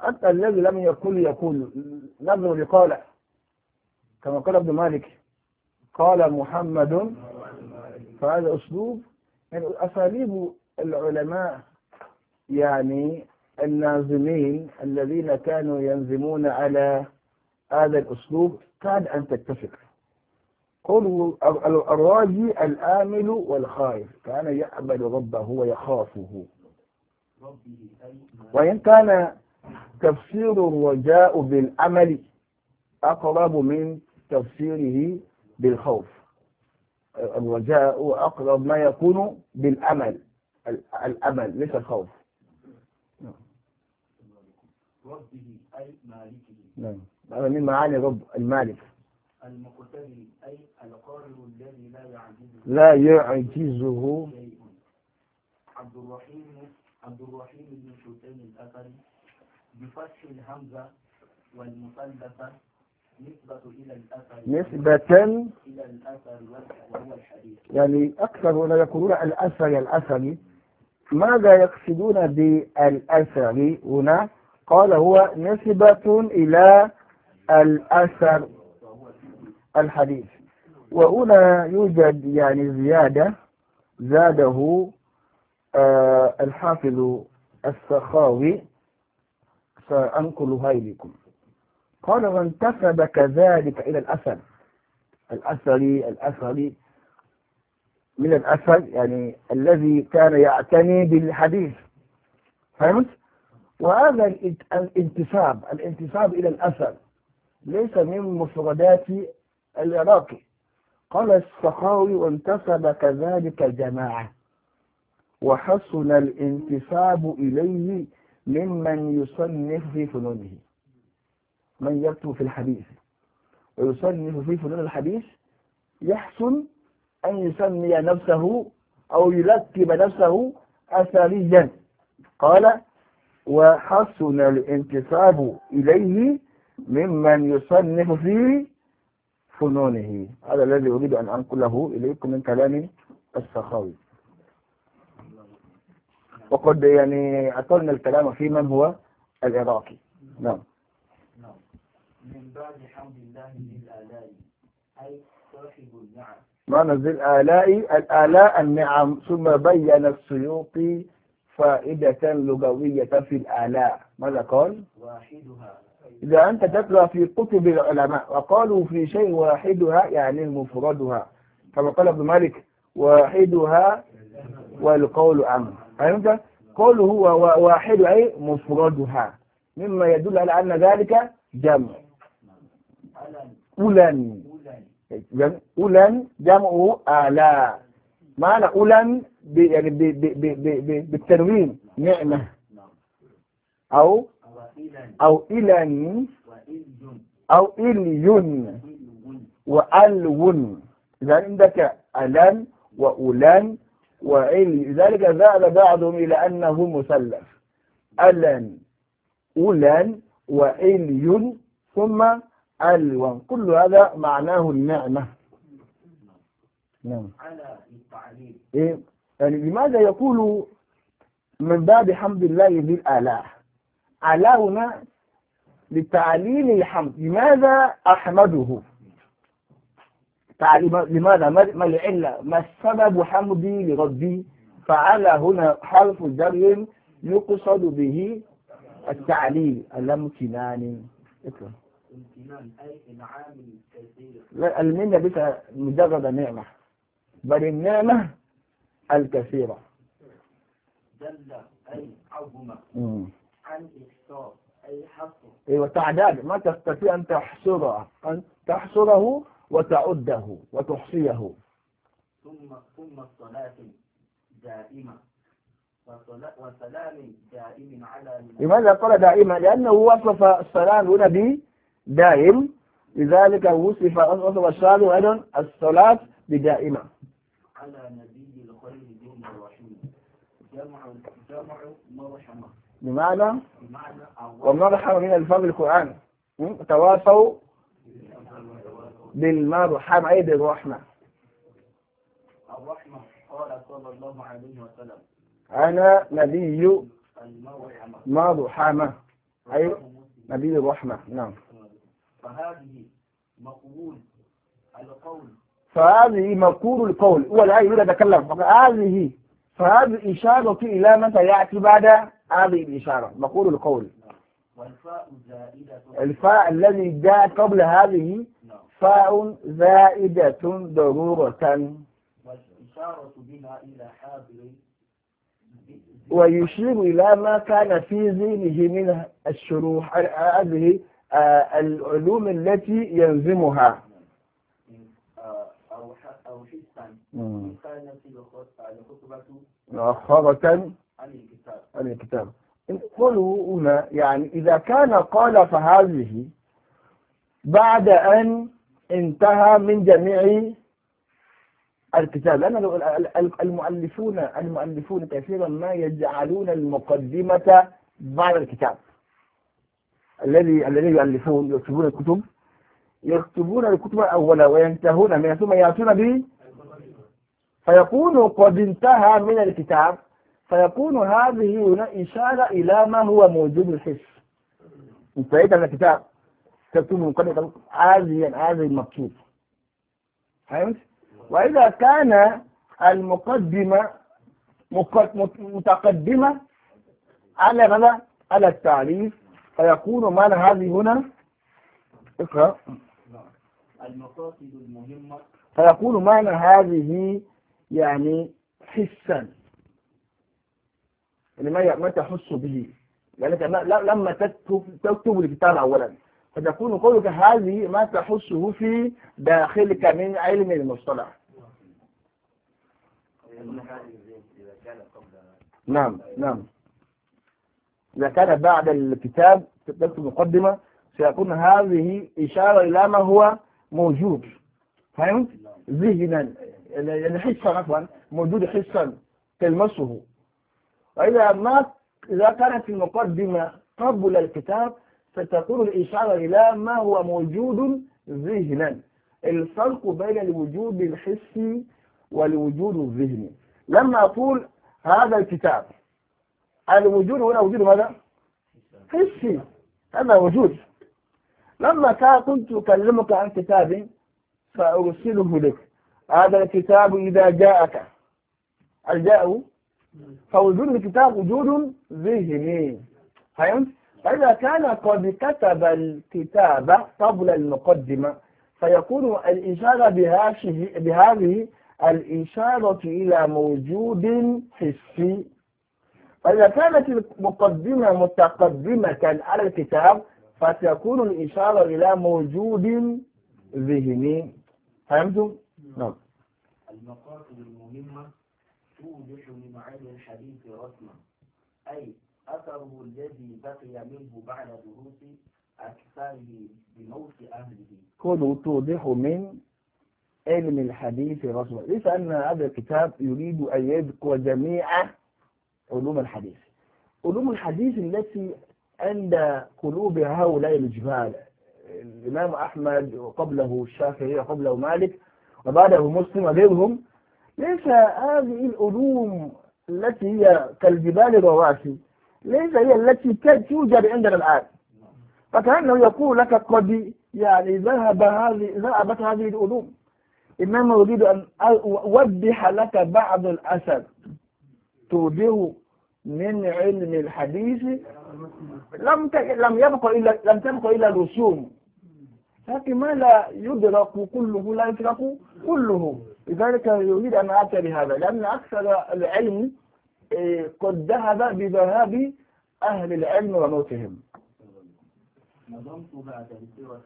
حتى الذي لم يقل يقول نظر لقال كما قال ابن مالك قال محمد فهذا أسلوب يعني أساليب العلماء يعني النازمين الذين كانوا ينزمون على هذا الأسلوب كان أن تتفق قولوا الراجي الآمل والخائف كان يعبد ربه ويخافه وإن كان تفسير الرجاء بالأمل أقرب من تفسيره بالخوف الرجاء أقرب ما يكون بالأمل الأمل ليس الخوف ربه أي مالكه نعم هذا من معاني رب المالك المقتدر أي القارئ الذي لا يعجزه لا يعجزه عبد الرحيم عبد الرحيم بن شتيم الأثري بفتح الهمزة والمثلثة نسبة يعني أكثر هنا يقولون الأثر الأثري ماذا يقصدون بالأثر هنا قال هو نسبة إلى الأثر الحديث وهنا يوجد يعني زيادة زاده آه، الحافظ السخاوي سأنقل هاي لكم قال وانتسب كذلك إلى الأثر الأثري الأثري من الأثر يعني الذي كان يعتني بالحديث فهمت؟ وهذا الانتساب الانتساب إلى الأثر ليس من مفردات العراقي قال السخاوي وانتسب كذلك جماعة وحسن الانتساب إليه ممن يصنف في فنونه من يكتب في الحديث ويصنف في فنون الحديث يحسن أن يسمي نفسه أو يرتب نفسه أثريا قال وحسن الانتساب إليه ممن يصنف في فنونه هذا الذي أريد أن أنقله إليكم من كلام السخاوي وقد يعني أطلنا الكلام في من هو العراقي نعم من بعد حمد الله للآلاء أي صاحب النعم معنى ذي الآلاء الآلاء النعم ثم بين السيوطي فائدة لغوية في الآلاء ماذا قال؟ واحدها إذا أنت تقرأ في كتب العلماء وقالوا في شيء واحدها يعني مفردها كما قال ابن مالك واحدها والقول أمر فهمت؟ قوله هو واحد أي مفردها مما يدل على أن ذلك جمع أولن أولن جمع آلاء معنى أولن يعني بالتنوين نعمة أو أو إلن أو إليون وألون إذا عندك ألن وأولن وعلي لذلك ذهب بعضهم إلى أنه مثلث ألن أولن وعلي ثم علوا كل هذا معناه النعمة نعم إيه؟ يعني لماذا يقول من باب حمد الله ذي الآلاء على هنا لتعليل الحمد لماذا أحمده تعليم لماذا ما العلة ما السبب حمدي لربي فعلى هنا حرف جر يقصد به التعليل اللام الامتنان أي إنعام الكثير لا المنة بس مجرد نعمة بل النعمة الكثيرة دل أي عظمة عن إحصاء أي حصر أيوة تعداد ما تستطيع أن تحصره أن تحصره وتعده وتحصيه ثم ثم الصلاة دائمة وسلام دائم على لماذا قال دائما؟ لأنه وصف السلام هنا دائم لذلك وصف وصف الشارع أيضا الصلاة بدائمة على نبي الخير دين الرحيم جمع جمع مرحمة بمعنى بمعنى والمرحمة من الفضل القرآن تواصوا بالمرحمة أي بالرحمة الرحمة قال صلى الله عليه وسلم أنا نبي المرحمة مرحمة أي نبي الرحمة نعم فهذه مقول القول فهذه مقول القول هو يريد هذه فهذه إشارة إلى من سيأتي بعد هذه الإشارة مقول القول والفاء زائدة الفاء الذي جاء قبل هذه نعم. فاء زائدة ضرورة والإشارة بها إلى حاضر ويشير إلى ما كان في ذهنه من الشروح هذه آه، العلوم التي يلزمها أو عن الكتاب مؤخرة عن الكتاب قلوا هنا يعني إذا كان قال فهذه بعد أن انتهى من جميع الكتاب لأن المؤلفون المؤلفون كثيرا ما يجعلون المقدمة بعد الكتاب الذي الذين يؤلفون يكتبون الكتب يكتبون الكتب أولا وينتهون منها ثم يأتون به فيكون قد انتهى من الكتاب فيكون هذه هنا إشارة إلى ما هو موجود الحس انتهيت من الكتاب تكتب مقدمة هذه هذه المكتوب فهمت؟ وإذا كان المقدمة متقدمة على ماذا؟ على التعريف فيكون معنى هذه هنا اقرأ المقاصد المهمة فيكون معنى هذه يعني حسا يعني ما تحس به لأنك يعني لما تكتب تكتب الكتاب أولا فتكون قولك هذه ما تحسه في داخلك من علم المصطلح نعم نعم إذا كان بعد الكتاب كتبت المقدمة سيكون هذه إشارة إلى ما هو موجود فهمت؟ ذهنا يعني حسا عفوا موجود حسا تلمسه وإذا ما إذا كانت المقدمة قبل الكتاب ستكون الإشارة إلى ما هو موجود ذهنا الفرق بين الوجود الحسي والوجود الذهني لما أقول هذا الكتاب الوجود هنا وجود ماذا حسي هذا وجود لما كنت أكلمك عن كتاب فأرسله لك هذا الكتاب إذا جاءك هل جاءه فوجود الكتاب وجود ذهني فهمت؟ فإذا كان قد كتب الكتاب قبل المقدمة فيكون الإشارة بهذه بهذه الإشارة إلى موجود حسي فإذا كانت المقدمة متقدمة على الكتاب فتكون الإشارة إلى موجود ذهني فهمتم؟ نعم المقاصد المهمة توضح لمعاني الحديث رسما أي أثره الذي بقي منه بعد دروس أكثره بموت أهله كله توضح من علم الحديث رسما ليس أن هذا الكتاب يريد أن يذكر جميع علوم الحديث علوم الحديث التي عند قلوب هؤلاء الجبال الإمام أحمد وقبله الشافعي وقبله مالك وبعده مسلم وغيرهم ليس هذه العلوم التي هي كالجبال الرواسي ليس هي التي توجد عندنا الآن فكأنه يقول لك قد يعني ذهب هذه ذهبت هذه العلوم إنما أريد أن أوضح لك بعض الأسد توجهه من علم الحديث لم لم يبقى الا لم تبقى الا الرسوم لكن ما لا يدرك كله لا يدرك كله لذلك يريد ان اتى بهذا لان اكثر العلم إيه، قد ذهب بذهاب اهل العلم وموتهم نظمت بعد السيرة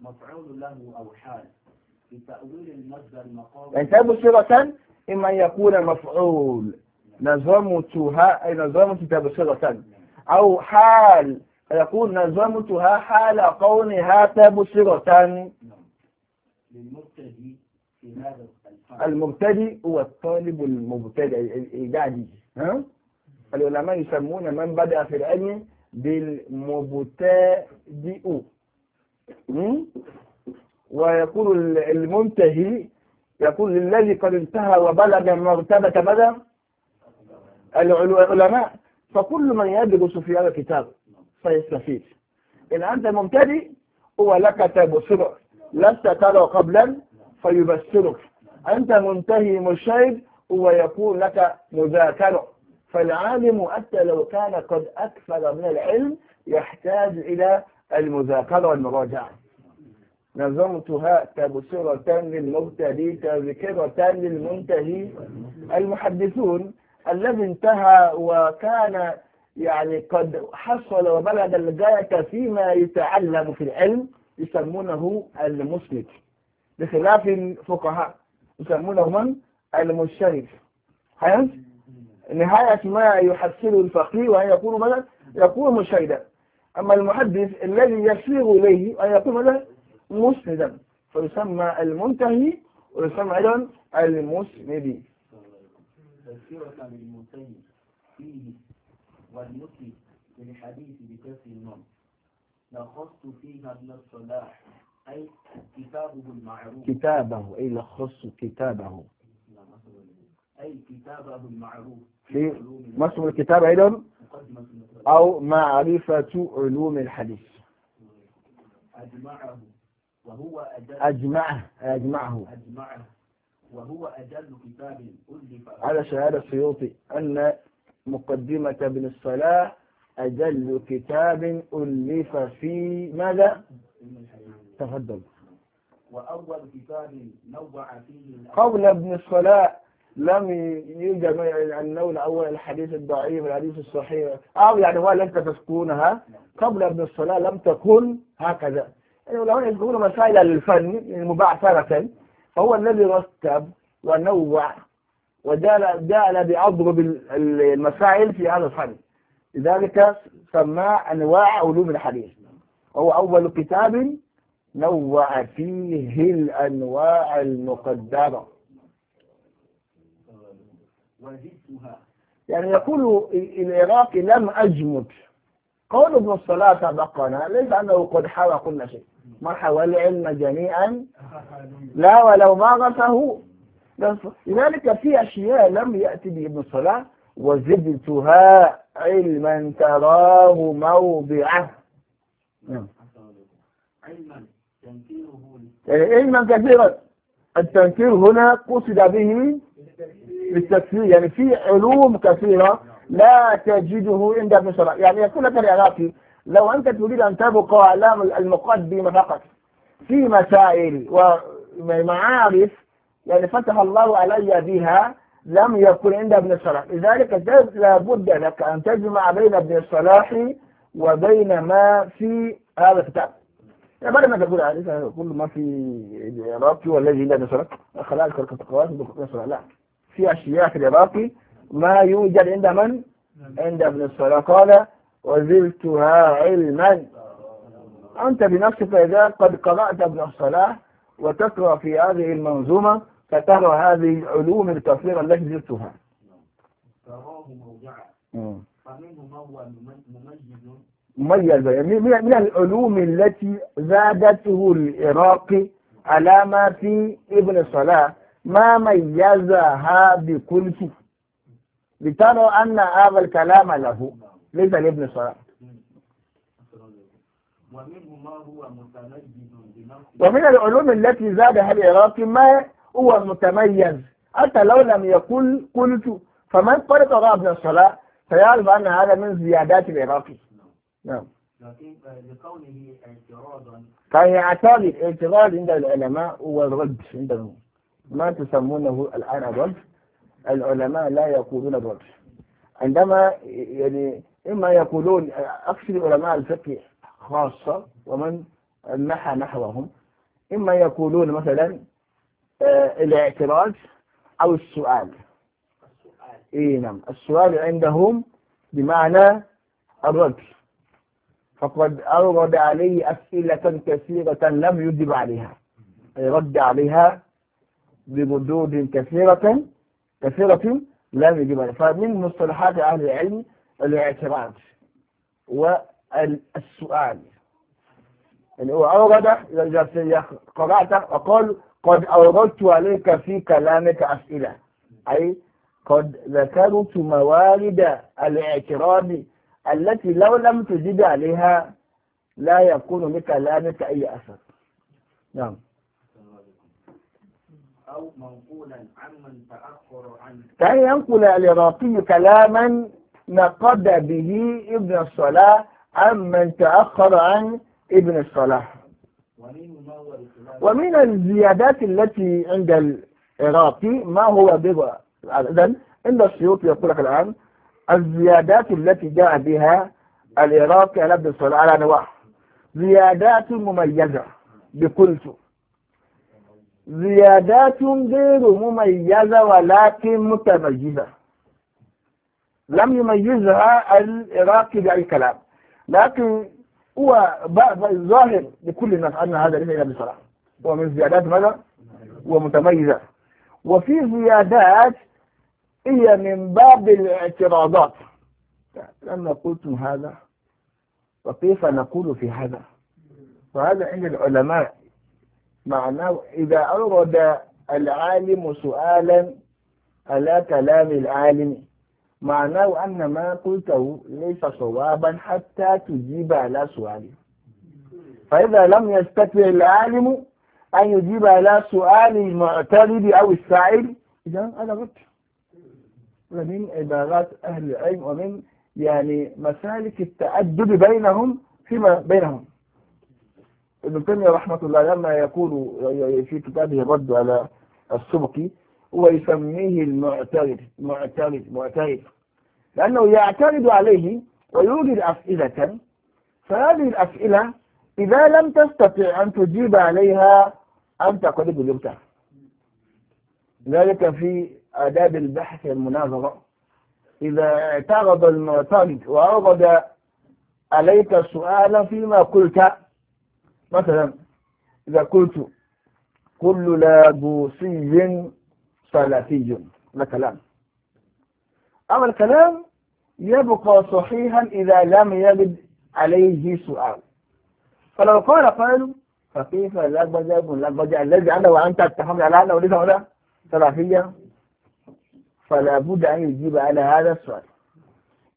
مفعول له أو حال في تأويل المصدر مقام يعني تبصرة إما يكون مفعول نظمتها أي نظمت تبصرة أو حال يقول نظمتها حال كونها تبصرة المبتدئ هو الطالب المبتدئ الإيجادي ها؟ العلماء يسمون من بدأ في العلم بالمبتدئ ويقول المنتهي يقول للذي قد انتهى وبلغ مرتبة ماذا؟ العلماء فكل من يدرس في هذا الكتاب سيستفيد إن أنت مبتدئ هو لك تبصر لست ترى قبلا فيبصرك أنت منتهي مشاهد هو يكون لك مذاكرة فالعالم حتى لو كان قد أكثر من العلم يحتاج إلى المذاكرة والمراجعة نظمتها تبصرة للمبتدي تذكرة للمنتهي المحدثون الذي انتهى وكان يعني قد حصل وبلغ الغاية فيما يتعلم في العلم يسمونه المسلك بخلاف الفقهاء يسمونه من المشرف فهمت نهاية ما يحصل الفقيه وأن يكون ماذا يكون مشهدا أما المحدث الذي يسير إليه أن يكون ماذا مسندا فيسمى المنتهي ويسمى أيضا المسند تذكرة للمسيب فيه والمسلم للحديث بكسر النوم لخصت فيها ابن الصلاح أي كتابه المعروف كتابه أي لخصت كتابه أي كتابه المعروف في ما اسم الكتاب أيضا أو معرفة علوم الحديث أجمعه وهو أجمعه أجمعه أجمعه وهو أجل كتاب على شهادة السيوطي أن مقدمة ابن الصلاة أجل كتاب ألف في ماذا؟ تفضل وأول كتاب نوع فيه قول ابن الصلاة لم يوجد نول أول الحديث الضعيف الحديث الصحيح أو يعني هو لن تسكونها نعم. قبل ابن الصلاة لم تكن هكذا يعني لو يذكرون مسائل الفن مبعثرة فهو الذي رتب ونوع ودال دال بأضرب المسائل في هذا الفن لذلك سماه أنواع علوم الحديث وهو أول كتاب نوع فيه الأنواع المقدرة يعني يقول العراقي لم أجمد قول ابن الصلاة سبقنا ليس أنه قد حوى كل شيء محو العلم جميعا لا ولو ضاغته لذلك في أشياء لم يأتي به ابن الصلاة وزدتها علما تراه موضعه يعني علما كثيرا التنكير هنا قصد به بالتكفير يعني في علوم كثيرة لا تجده عند ابن الصلاة يعني يقول لك العراقي لو أنت تريد أن تبقى على المقدمة فقط في مسائل ومعارف يعني فتح الله علي بها لم يكن عند ابن الصلاح لذلك لابد لك أن تجمع بين ابن الصلاح وبين ما في هذا الكتاب يعني بعد ما تقول عليه يعني كل ما في العراقي والذي لا نصر خلال القواعد نصر لا في أشياء في العراقي ما يوجد عند من؟ عند ابن الصلاح قال وزلتها علما أنت بنفسك إذا قد قرأت ابن الصلاح وتقرأ في هذه المنظومة فترى هذه العلوم الكثيرة التي زلتها تراه هو مميز من العلوم التي زادته العراقي على ما في ابن صلاح ما ميزها بكل شيء لترى أن هذا الكلام له ليس لابن صلاح ومن العلوم التي زادها العراقي ما هو متميز حتى لو لم يقل قلت فمن قد قرأ ابن الصلاة فيعرف أن هذا من زيادات العراقي نعم لكن لقوله اعتراضا كان يعترض الاعتراض عند العلماء هو الرد عندهم ما تسمونه الآن الرد العلماء لا يقولون الرد عندما يعني إما يقولون أكثر علماء الفقه خاصة ومن نحى نحوهم إما يقولون مثلا آه، الاعتراض أو السؤال إيه نعم السؤال عندهم بمعنى الرد فقد أورد عليه أسئلة كثيرة لم يجب عليها أي رد عليها بردود كثيرة كثيرة لم يجب عليها فمن مصطلحات أهل العلم الاعتراض والسؤال يعني هو أورد إذا قرأته وقال قد أوردت عليك في كلامك أسئلة أي قد ذكرت موارد الاعتراض التي لو لم تجد عليها لا يكون لكلامك أي أثر نعم أو منقولا عمن تأخر عن كان ينقل العراقي كلاما نقد به ابن الصلاة من تأخر عن ابن الصلاة ومن الزيادات التي عند العراقي ما هو بضع إذن عند السيوط يقول لك الآن الزيادات التي جاء بها العراقي على ابن الصلاة على نواح زيادات مميزة بقلت زيادات غير مميزة ولكن متميزة لم يميزها العراقي بأي كلام لكن هو ظاهر لكل الناس أن هذا ليس إلا بصراحة من زيادات ماذا؟ ومتميزة وفي زيادات هي من باب الاعتراضات لما قلتم هذا وكيف نقول في هذا وهذا عند العلماء معناه إذا أورد العالم سؤالا على كلام العالم معناه أن ما قلته ليس صوابا حتى تجيب على سؤالي فإذا لم يستطع العالم أن يجيب على سؤال المعترض أو السائل إذا هذا غلط ومن عبارات أهل العلم ومن يعني مسالك التأدب بينهم فيما بينهم ابن تيمية رحمة الله لما يقول في كتابه الرد على السبكي ويسميه المعترف معترف معترف لأنه يعترض عليه ويوجد أسئلة فهذه الأسئلة إذا لم تستطع أن تجيب عليها أنت قد جبتها ذلك في آداب البحث والمناظرة إذا اعترض المعترض وأرد عليك سؤالا فيما قلت مثلا إذا قلت كل لابوسي ثلاثي هذا كلام أما الكلام يبقى صحيحا إذا لم يرد عليه سؤال فلو قال قالوا فكيف لا لبجا لا لبجا الذي أنا وأنت تتحمل على أنه وليس هنا ثلاثية فلا بد أن يجيب على هذا السؤال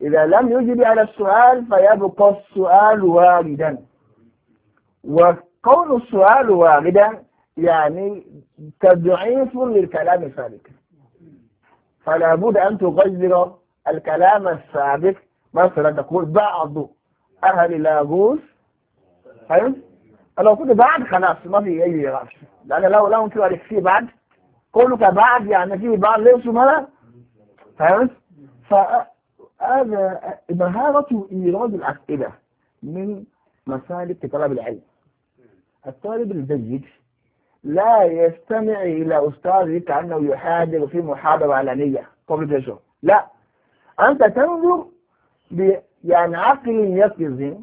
إذا لم يجب على السؤال فيبقى السؤال واردا وكون السؤال واردا يعني تضعيف للكلام السابق فلا بد أن تغير الكلام السابق مثلا تقول بعض أهل لاغوس فهمت؟ لو كنت بعد خلاص ما في أي غش لأن لو لو أنت عليك في بعد قولك بعد يعني في بعض ليسوا ما فهمت؟ فهذا مهارة إيراد الأسئلة من مسالك طلب العلم الطالب الجيد لا يستمع إلى أستاذه كأنه يحاضر في محاضرة علنية publication لا أنت تنظر يعني عقل يقظ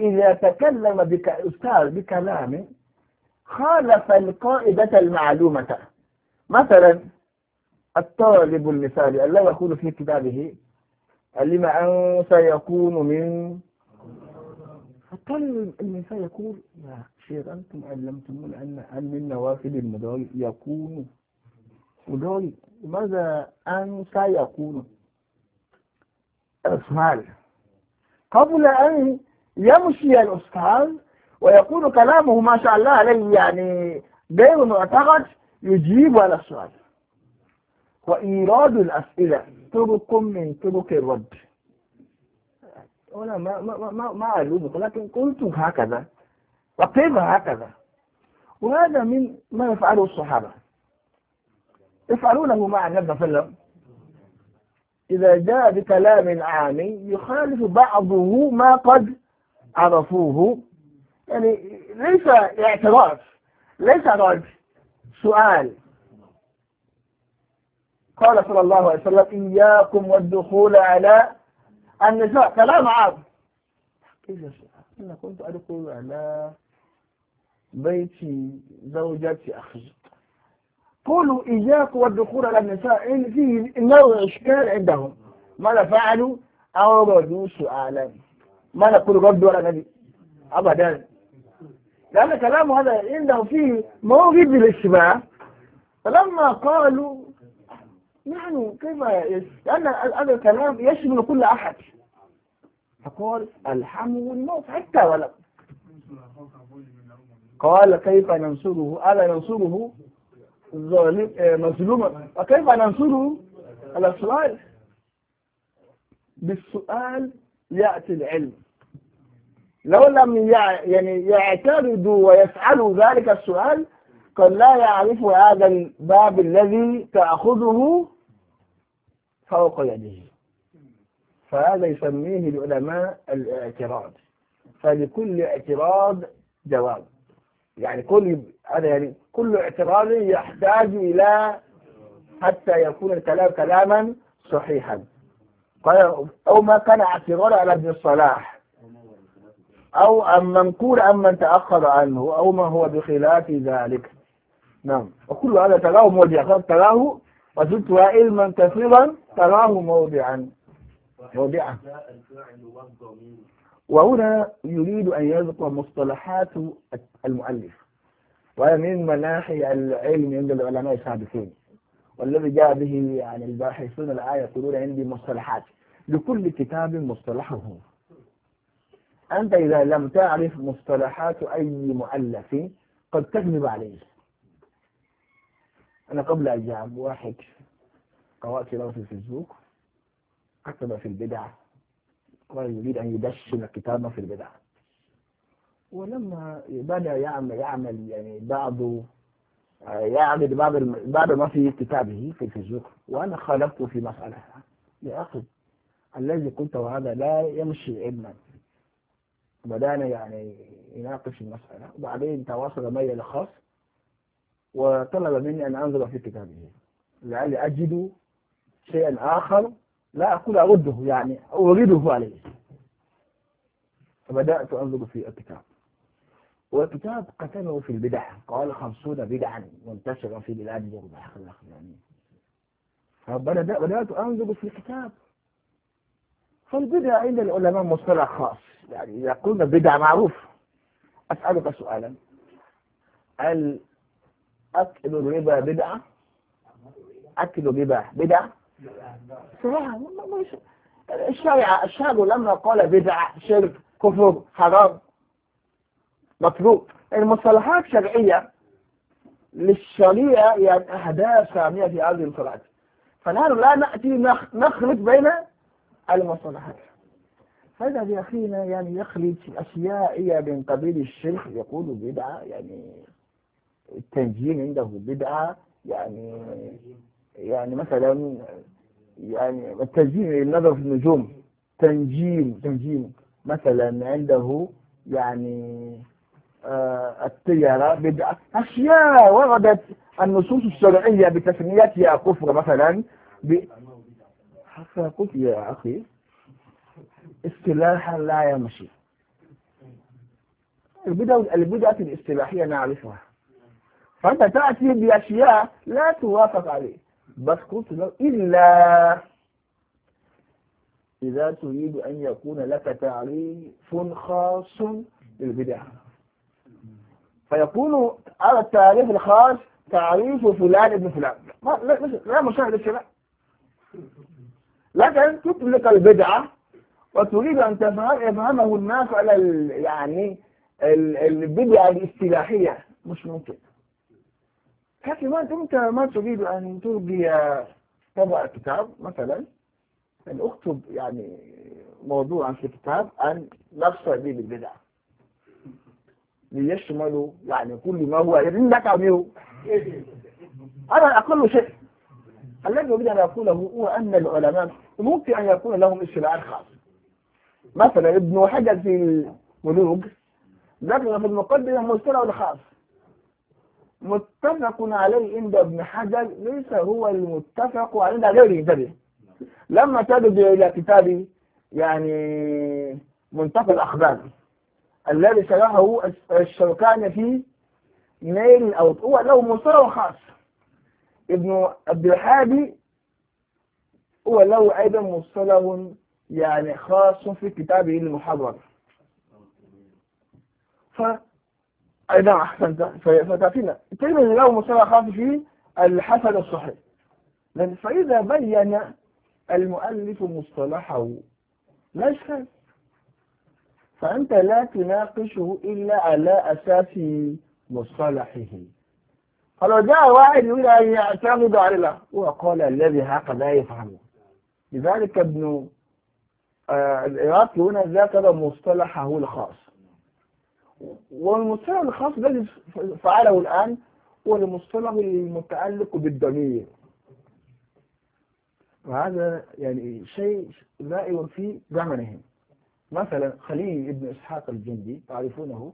إذا تكلم بك أستاذ بكلام خالف القاعدة المعلومة مثلا الطالب المثالي الله يقول في كتابه لما أن سيكون من الطالب المثالي يقول يا شيخ أنتم علمتمون أن أن من نوافل المضارع يكون مضارع ماذا أن سيكون أسمال قبل أن يمشي الأستاذ ويقول كلامه ما شاء الله عليه يعني غير معتقد يجيب على السؤال وإيراد الأسئلة طرق من طرق الرد أنا ما ما ما ما ألومك لكن قلت هكذا رتبها هكذا وهذا من ما يفعله الصحابة يفعلونه مع النبي صلى الله عليه وسلم إذا جاء بكلام عام يخالف بعضه ما قد عرفوه يعني ليس اعتراف ليس رد سؤال قال صلى الله عليه وسلم إياكم والدخول على النساء كلام عام كيف يا شيخ أنا كنت أدخل على بيت زوجتي أخرج قولوا إياك والدخول على النساء إن فيه نوع إشكال عندهم ماذا فعلوا؟ أوردوا سؤالا ماذا نقول رد ولا نبي أبدا لأن كلام هذا عنده فيه موجب للإشباع فلما قالوا نحن كيف لأن هذا الكلام يشمل كل أحد فقال الحمو والموت حتى ولو قال كيف ننصره ألا آه، ننصره مظلوما وكيف ننصره على السؤال بالسؤال يأتي العلم لو لم يعني يعترضوا ويسألوا ذلك السؤال قد لا يعرف هذا الباب الذي تأخذه فوق يده فهذا يسميه العلماء الاعتراض فلكل اعتراض جواب يعني كل هذا يعني كل اعتراض يحتاج إلى حتى يكون الكلام كلاما صحيحا قال أو ما كان اعتراضا على ابن الصلاح أو ام منكور عن من تأخر عنه أو ما هو بخلاف ذلك نعم وكل هذا تراه موضعا تراه وزدت علما كثيرا تراه موضعا موضعا وهنا يريد أن يذكر مصطلحات المؤلف ومن من مناحي العلم عند العلماء السابقين والذي جاء به يعني الباحثون الآية يقولون عندي مصطلحات لكل كتاب مصطلحه أنت إذا لم تعرف مصطلحات أي مؤلف قد تكذب عليه أنا قبل أيام واحد قرأت له في الفيسبوك كتب في البدعة يريد أن يدشن كتابه في البداية ولما بدأ يعمل, يعمل يعني بعض يعمل بعض بعض ما في كتابه في الفيسبوك وأنا خالفته في مسألة يا أخي الذي قلت هذا لا يمشي علما بدأنا يعني يناقش المسألة وبعدين تواصل معي الخاص وطلب مني أن أنظر في كتابه لعلي أجد شيئا آخر لا أقول أرده يعني أورده عليه فبدأت أنظر في الكتاب والكتاب قتله في البدع قال خمسون بدعا منتشرا في بلاد الرباح فبدأت أنظر في الكتاب فالبدع عند العلماء مصطلح خاص يعني إذا قلنا بدع معروف أسألك سؤالا هل أكل الربا بدعة؟ أكل الربا بدعة؟ الشريعة الشارع لما قال بدعة شرك كفر حرام مطلوب المصطلحات شرعية للشريعة يعني أحداث سامية في هذه الصلاة فنحن لا نأتي نخلط بين المصطلحات هذا أخينا يعني يخلط أشياء هي من قبيل الشرك يقول بدعة يعني التنجيم عنده بدعة يعني يعني مثلا يعني التنجيم النظر في النجوم تنجيم تنجيم مثلا عنده يعني آه التيارة بدعة أشياء وردت النصوص الشرعية بتسميتها كفر مثلا ب... حتى قلت يا أخي اصطلاحا لا يمشي البدع البدعة الاصطلاحية نعرفها فأنت تأتي بأشياء لا توافق عليه بس قلت له إلا إذا تريد أن يكون لك تعريف خاص بالبدعة فيكون هذا التعريف الخاص تعريف فلان ابن فلان ما لا مشاهد الشباب لكن تطلق البدعة وتريد أن تفهم يفهمه الناس على يعني البدعة الاصطلاحية مش ممكن لكن ما أنت ما تريد أن تلقي طبع كتاب مثلا أن أكتب يعني موضوعا في كتاب أن نفسه به بالبدع ليشمل يعني كل ما هو يريد لك عميه هذا أقل شيء الذي أريد أن أقوله هو أن العلماء ممكن أن يكون لهم اشتراع خاص مثلا ابن حجر في الملوك ذكر في المقدمة مصطلح خاص متفق عليه عند ابن حجر ليس هو المتفق عليه عند غيره انتبه لما تجد إلى كتاب يعني منتقى الأخبار الذي شرحه الشوكاني في نيل او هو له مستوى خاص ابن عبد الحادي هو له أيضا مصطلح يعني خاص في كتابه المحرر ايضا نعم، أحسنت فتأتينا الترمذي له خاص في الحسن الصحيح لأن فإذا بين المؤلف مصطلحه لا إشكال فأنت لا تناقشه إلا على أساس مصطلحه فلو جاء واحد يريد أن يعتمد على الله وقال الذي هكذا يفهمه لذلك ابن آه، العراقي هنا ذكر مصطلحه الخاص والمصطلح الخاص الذي فعله الآن هو المصطلح المتعلق بالضمير وهذا يعني شيء لائم في زمنهم مثلا خليل بن إسحاق الجندي تعرفونه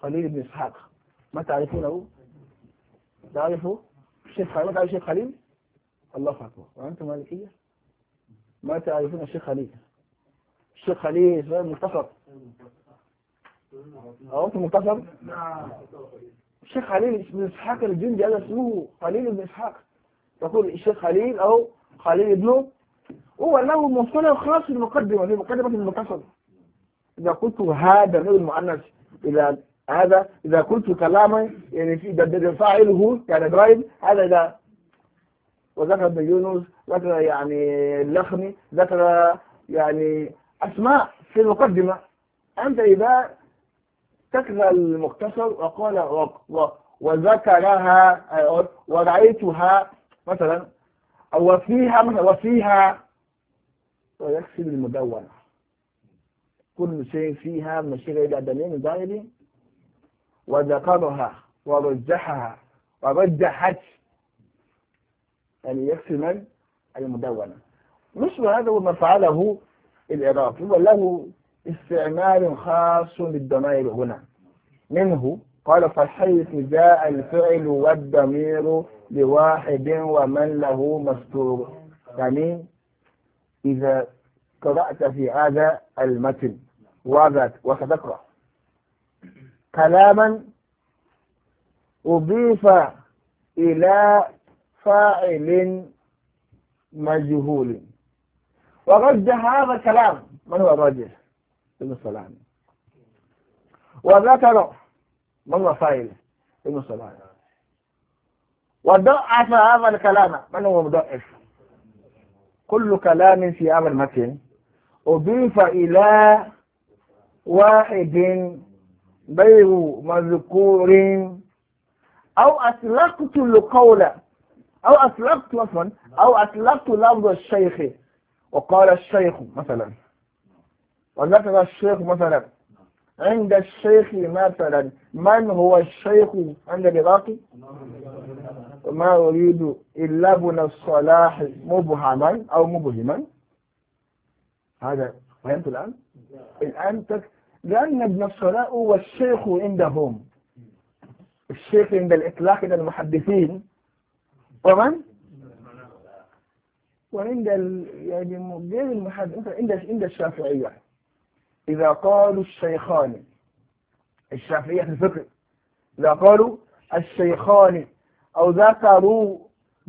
خليل بن إسحاق ما تعرفونه تعرفه الشيخ خليل ما تعرف الشيخ خليل الله أكبر وأنتم مالكية ما تعرفون الشيخ خليل الشيخ خليل مختصر اهو في المختصر الشيخ خليل بن اسحاق الجندي هذا اسمه خليل بن اسحاق يقول الشيخ خليل او خليل ابنه هو له مصطلح خاص في المقدمه في مقدمه المختصر اذا قلت هذا غير المؤنث اذا هذا اذا قلت كلاما يعني في فاعله يعني ابراهيم هذا اذا وذكر ابن يونس ذكر يعني اللخمي ذكر يعني اسماء في المقدمه انت اذا استثنى المختصر وقال وذكرها ورأيتها مثلا أو وفيها مثلا وفيها ويكسب المدونة كل شيء فيها من شيء إلى دليل ظاهري وذكرها ورجحها ورجحت يعني يكسب من المدونة مش هذا ما فعله العراقي وله استعمال خاص للضمائر هنا منه قال فحيث جاء الفعل والضمير لواحد ومن له مستور يعني إذا قرأت في هذا المتن وذاك وستقرأ كلاما أضيف إلى فاعل مجهول ورجح هذا الكلام من هو الرجل ابن سلام وذكر من رفايل ابن سلام وضعف هذا الكلام من هو مضعف كل كلام في هذا المتن أضيف إلى واحد غير مذكور أو أطلقت القول أو أطلقت لفظا أو أطلقت لفظ الشيخ وقال الشيخ مثلا وذكر الشيخ مثلا عند الشيخ مثلا من هو الشيخ عند العراقي ما أريد إلا ابن الصلاح مبهما أو مبهما هذا فهمت الآن؟ الآن تك... لأن ابن الصلاح هو الشيخ عندهم الشيخ عند الإطلاق عند المحدثين ومن؟ وعند ال... يعني غير المحدثين عند عند الشافعية إذا قالوا الشيخان الشافعية في الفقه إذا قالوا الشيخان أو ذكروا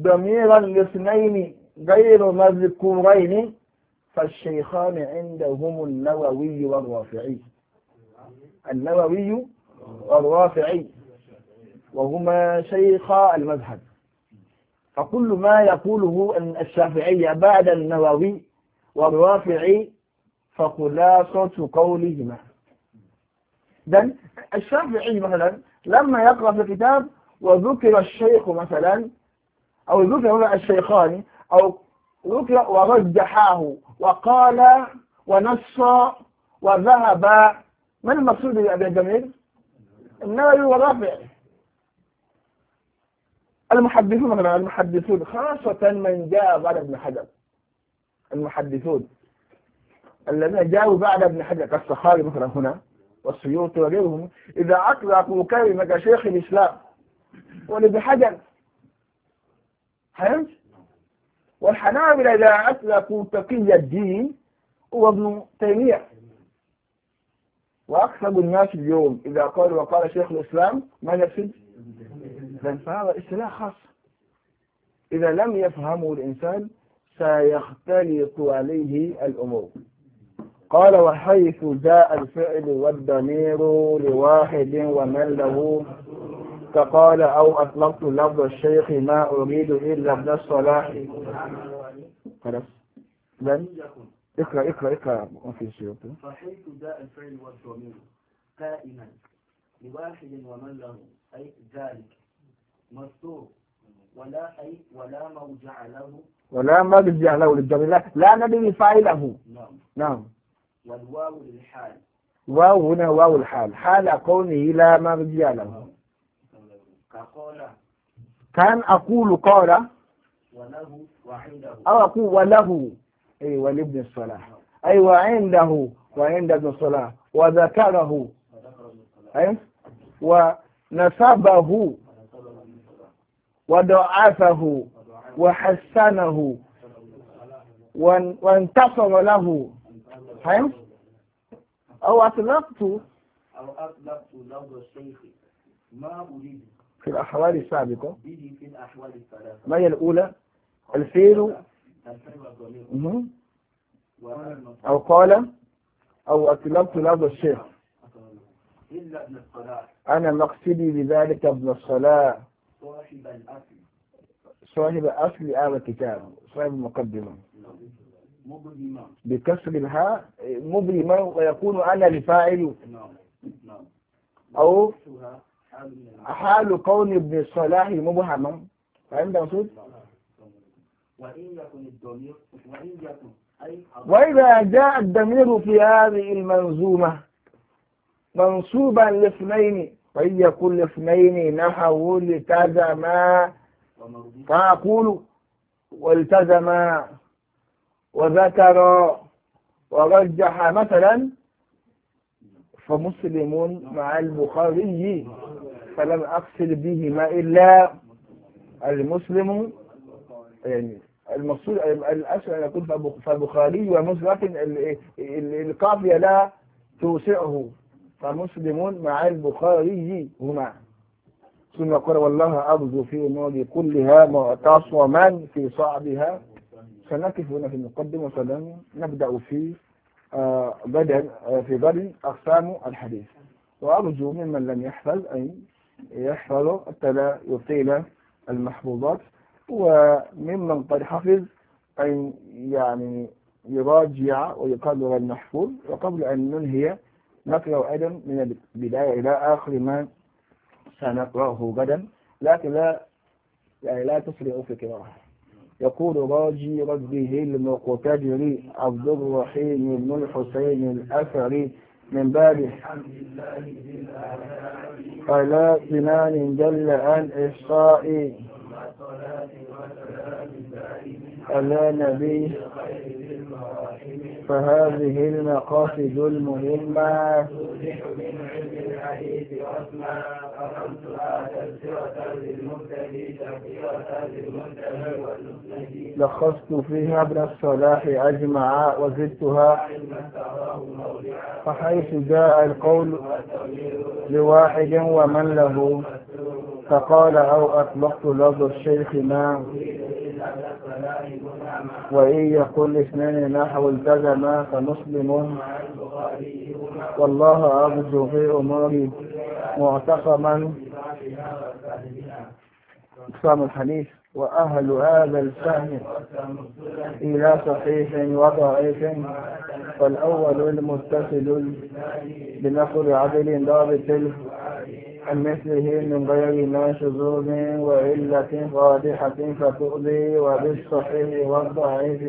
ضميرا لاثنين غير مذكورين فالشيخان عندهم النووي والرافعي النووي والرافعي وهما شيخا المذهب فكل ما يقوله الشافعية بعد النووي والرافعي فخلاصة قولهما then الشافعي مثلا لما يقرأ في الكتاب وذكر الشيخ مثلا أو ذكر الشيخان أو ذكر ورجحاه وقال ونص وذهب من المقصود يا أبي الجميل؟ النووي ورافع المحدثون مثلا المحدثون خاصة من جاء بعد ابن حجر المحدثون الذين جاءوا بعد ابن حجر كالصحابي مثلا هنا والسيوطي وغيرهم إذا أطلقوا كلمة شيخ الإسلام ولابن حجر فهمت؟ والحنابلة إذا أطلقوا تقي الدين هو ابن تيمية وأكثر الناس اليوم إذا قال وقال شيخ الإسلام ما يفسد لأن فهذا اصطلاح خاص إذا لم يفهمه الإنسان سيختلط عليه الأمور قال وحيث جاء الفعل والضمير لواحد ومن له فقال أو أطلقت لفظ الشيخ ما أريد إلا ابن الصلاح خلاص بل اقرأ اقرأ اقرأ ما في شيء فحيث جاء الفعل والضمير قائما لواحد ومن له أي ذلك مستور ولا أي ولا موجع له ولا مرجع له للضمير لا, لا ندري فاعله نعم نعم والواو للحال واو هنا واو الحال حال كونه لا مرجع له كان أقول قال وله وعنده أو أقول وله أي ولابن الصلاح أي وعنده وعند ابن الصلاح وذكره أي ونسبه وضعفه وحسنه وانتصر له فهمت؟ oh, أو أطلقت أو أطلقت لفظ الشيخ ما أريد في الأحوال السابقة في الأحوال السابقة ما هي الأولى؟ الفيل أو قال أو أطلقت لفظ الشيخ إلا ابن أنا مقصدي بذلك ابن الصلاة صاحب الأصل صاحب أصل آل الكتاب صاحب المقدمة نعم. بكسر الهاء مبرمة ويكون أنا الفاعل نعم, نعم. أو حال كون ابن الصلاح مبهما فهمت مقصود؟ نعم، نعم. وإن يكن وإن يكن وإذا جاء الضمير في هذه المنظومة منصوبا لاثنين وإن يكن لاثنين نحو التزما فأقول والتزما وذكر ورجح مثلا فمسلم مع البخاري فلم أقصد بهما إلا المسلم يعني المقصود الاسئله أن يكون فبخاري ومسلم لكن القافية لا توسعه فمسلم مع البخاري هما ثم قال والله أبذ في أمور كلها معتصما في صعبها سنقف هنا في المقدمة وسنبدأ نبدأ في آه، بدل آه، في بدل أقسام الحديث وأرجو ممن لم يحفظ أن يحفظ حتى يطيل المحفوظات وممن قد حفظ أن يعني يراجع ويقرر المحفوظ وقبل أن ننهي نقرأ أيضا من البداية إلى آخر ما سنقرأه غدا لكن لا يعني لا تسرعوا في قراءته يقول راجي ربه المقتدر عبد الرحيم بن الحسين الأثري من باب على سنان جل عن إحصائي على نبي فهذه المقاصد المهمة الحديث للمبتدي للمنتهى لخصت فيها ابن الصلاح أجمعا وزدتها فحيث جاء القول لواحد ومن له فقال أو أطلقت لفظ الشيخ ما وإن يقل اثنين نحو التزما فمسلم والله عبد في أموري معتقما إسلام الحديث وأهل هذا الفهم إلى صحيح وضعيف فالأول المتصل بنقل عدل ضابط عن مثله من غير ما شذوذ وعلة قادحة فتؤذي وبالصحيح والضعيف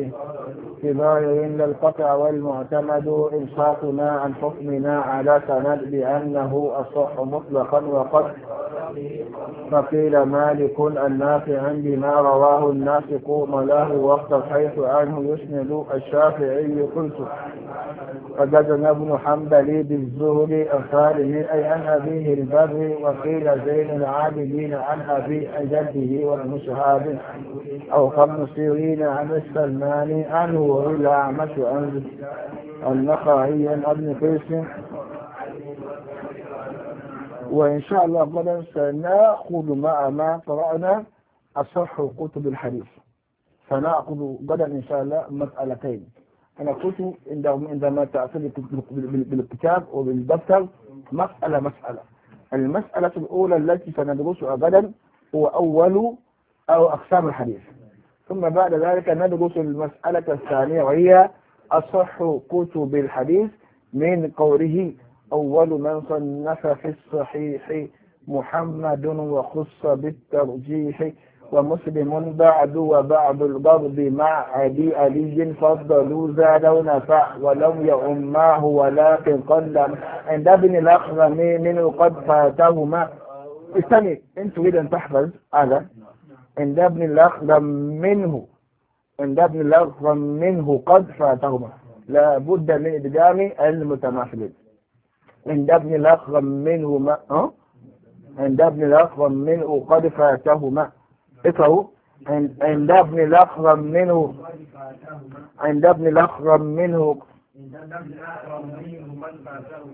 في ظاهر لا القطع والمعتمد إلحاقنا عن حكمنا على سند بأنه أصح مطلقا وقد فقيل مالك النافع بما رواه الناسق ملاه وقت حيث عنه يسند الشافعي قلت فجزم ابن حنبلي بالزهر أخاري أي عن أبيه البر وقيل زين العابدين عن أبي أجده والمشهاب أو قبل سيرين عن السلمان عنه وإلى أعمش عن النخعي عن ابن قيس وإن شاء الله غدا سنأخذ مع ما قرأنا أصح كتب الحديث سنأخذ غدا إن شاء الله مسألتين أنا كنت عندما تأتي بالكتاب وبالدفتر مسألة مسألة المسألة الأولى التي سندرسها غدا هو أول أو أقسام الحديث ثم بعد ذلك ندرس المسألة الثانية وهي أصح كتب الحديث من قوله أول من صنف في الصحيح محمد وخص بالترجيح ومسلم بعد وبعض البغض مع أبي علي فضلوا زاد ونفع ولم يؤماه ولكن قل عند ابن الأخرم منه قد فاتهما استني انت تريد ان تحفظ هذا عند ابن الأخرم منه عند ابن الأخرم منه قد فاتهما لابد من إدغام المتماثلين عند ابن الأخرم ما أه؟ عند ابن الأخرم منه قد فاتهما اقرأوا عند ابن الأخرم منه عند ابن الأخرم منه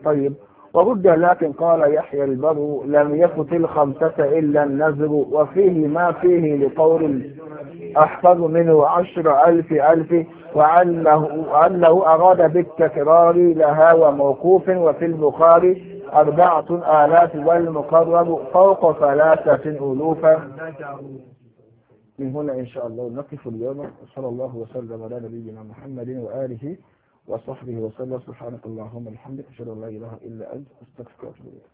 طيب ورد لكن قال يحيى البر لم يفت الخمسة إلا النذر وفيه ما فيه لقول أحفظ منه عشر ألف ألف وعله أنه أراد بالتكرار لها وموقوف وفي البخاري أربعة آلاف والمقرب فوق ثلاثة ألوفا من هنا إن شاء الله نقف اليوم صلى الله وسلم على نبينا محمد وآله وصحبه وسلم سبحانك اللهم الحمد أشهد أن لا إله إلا أنت أستغفرك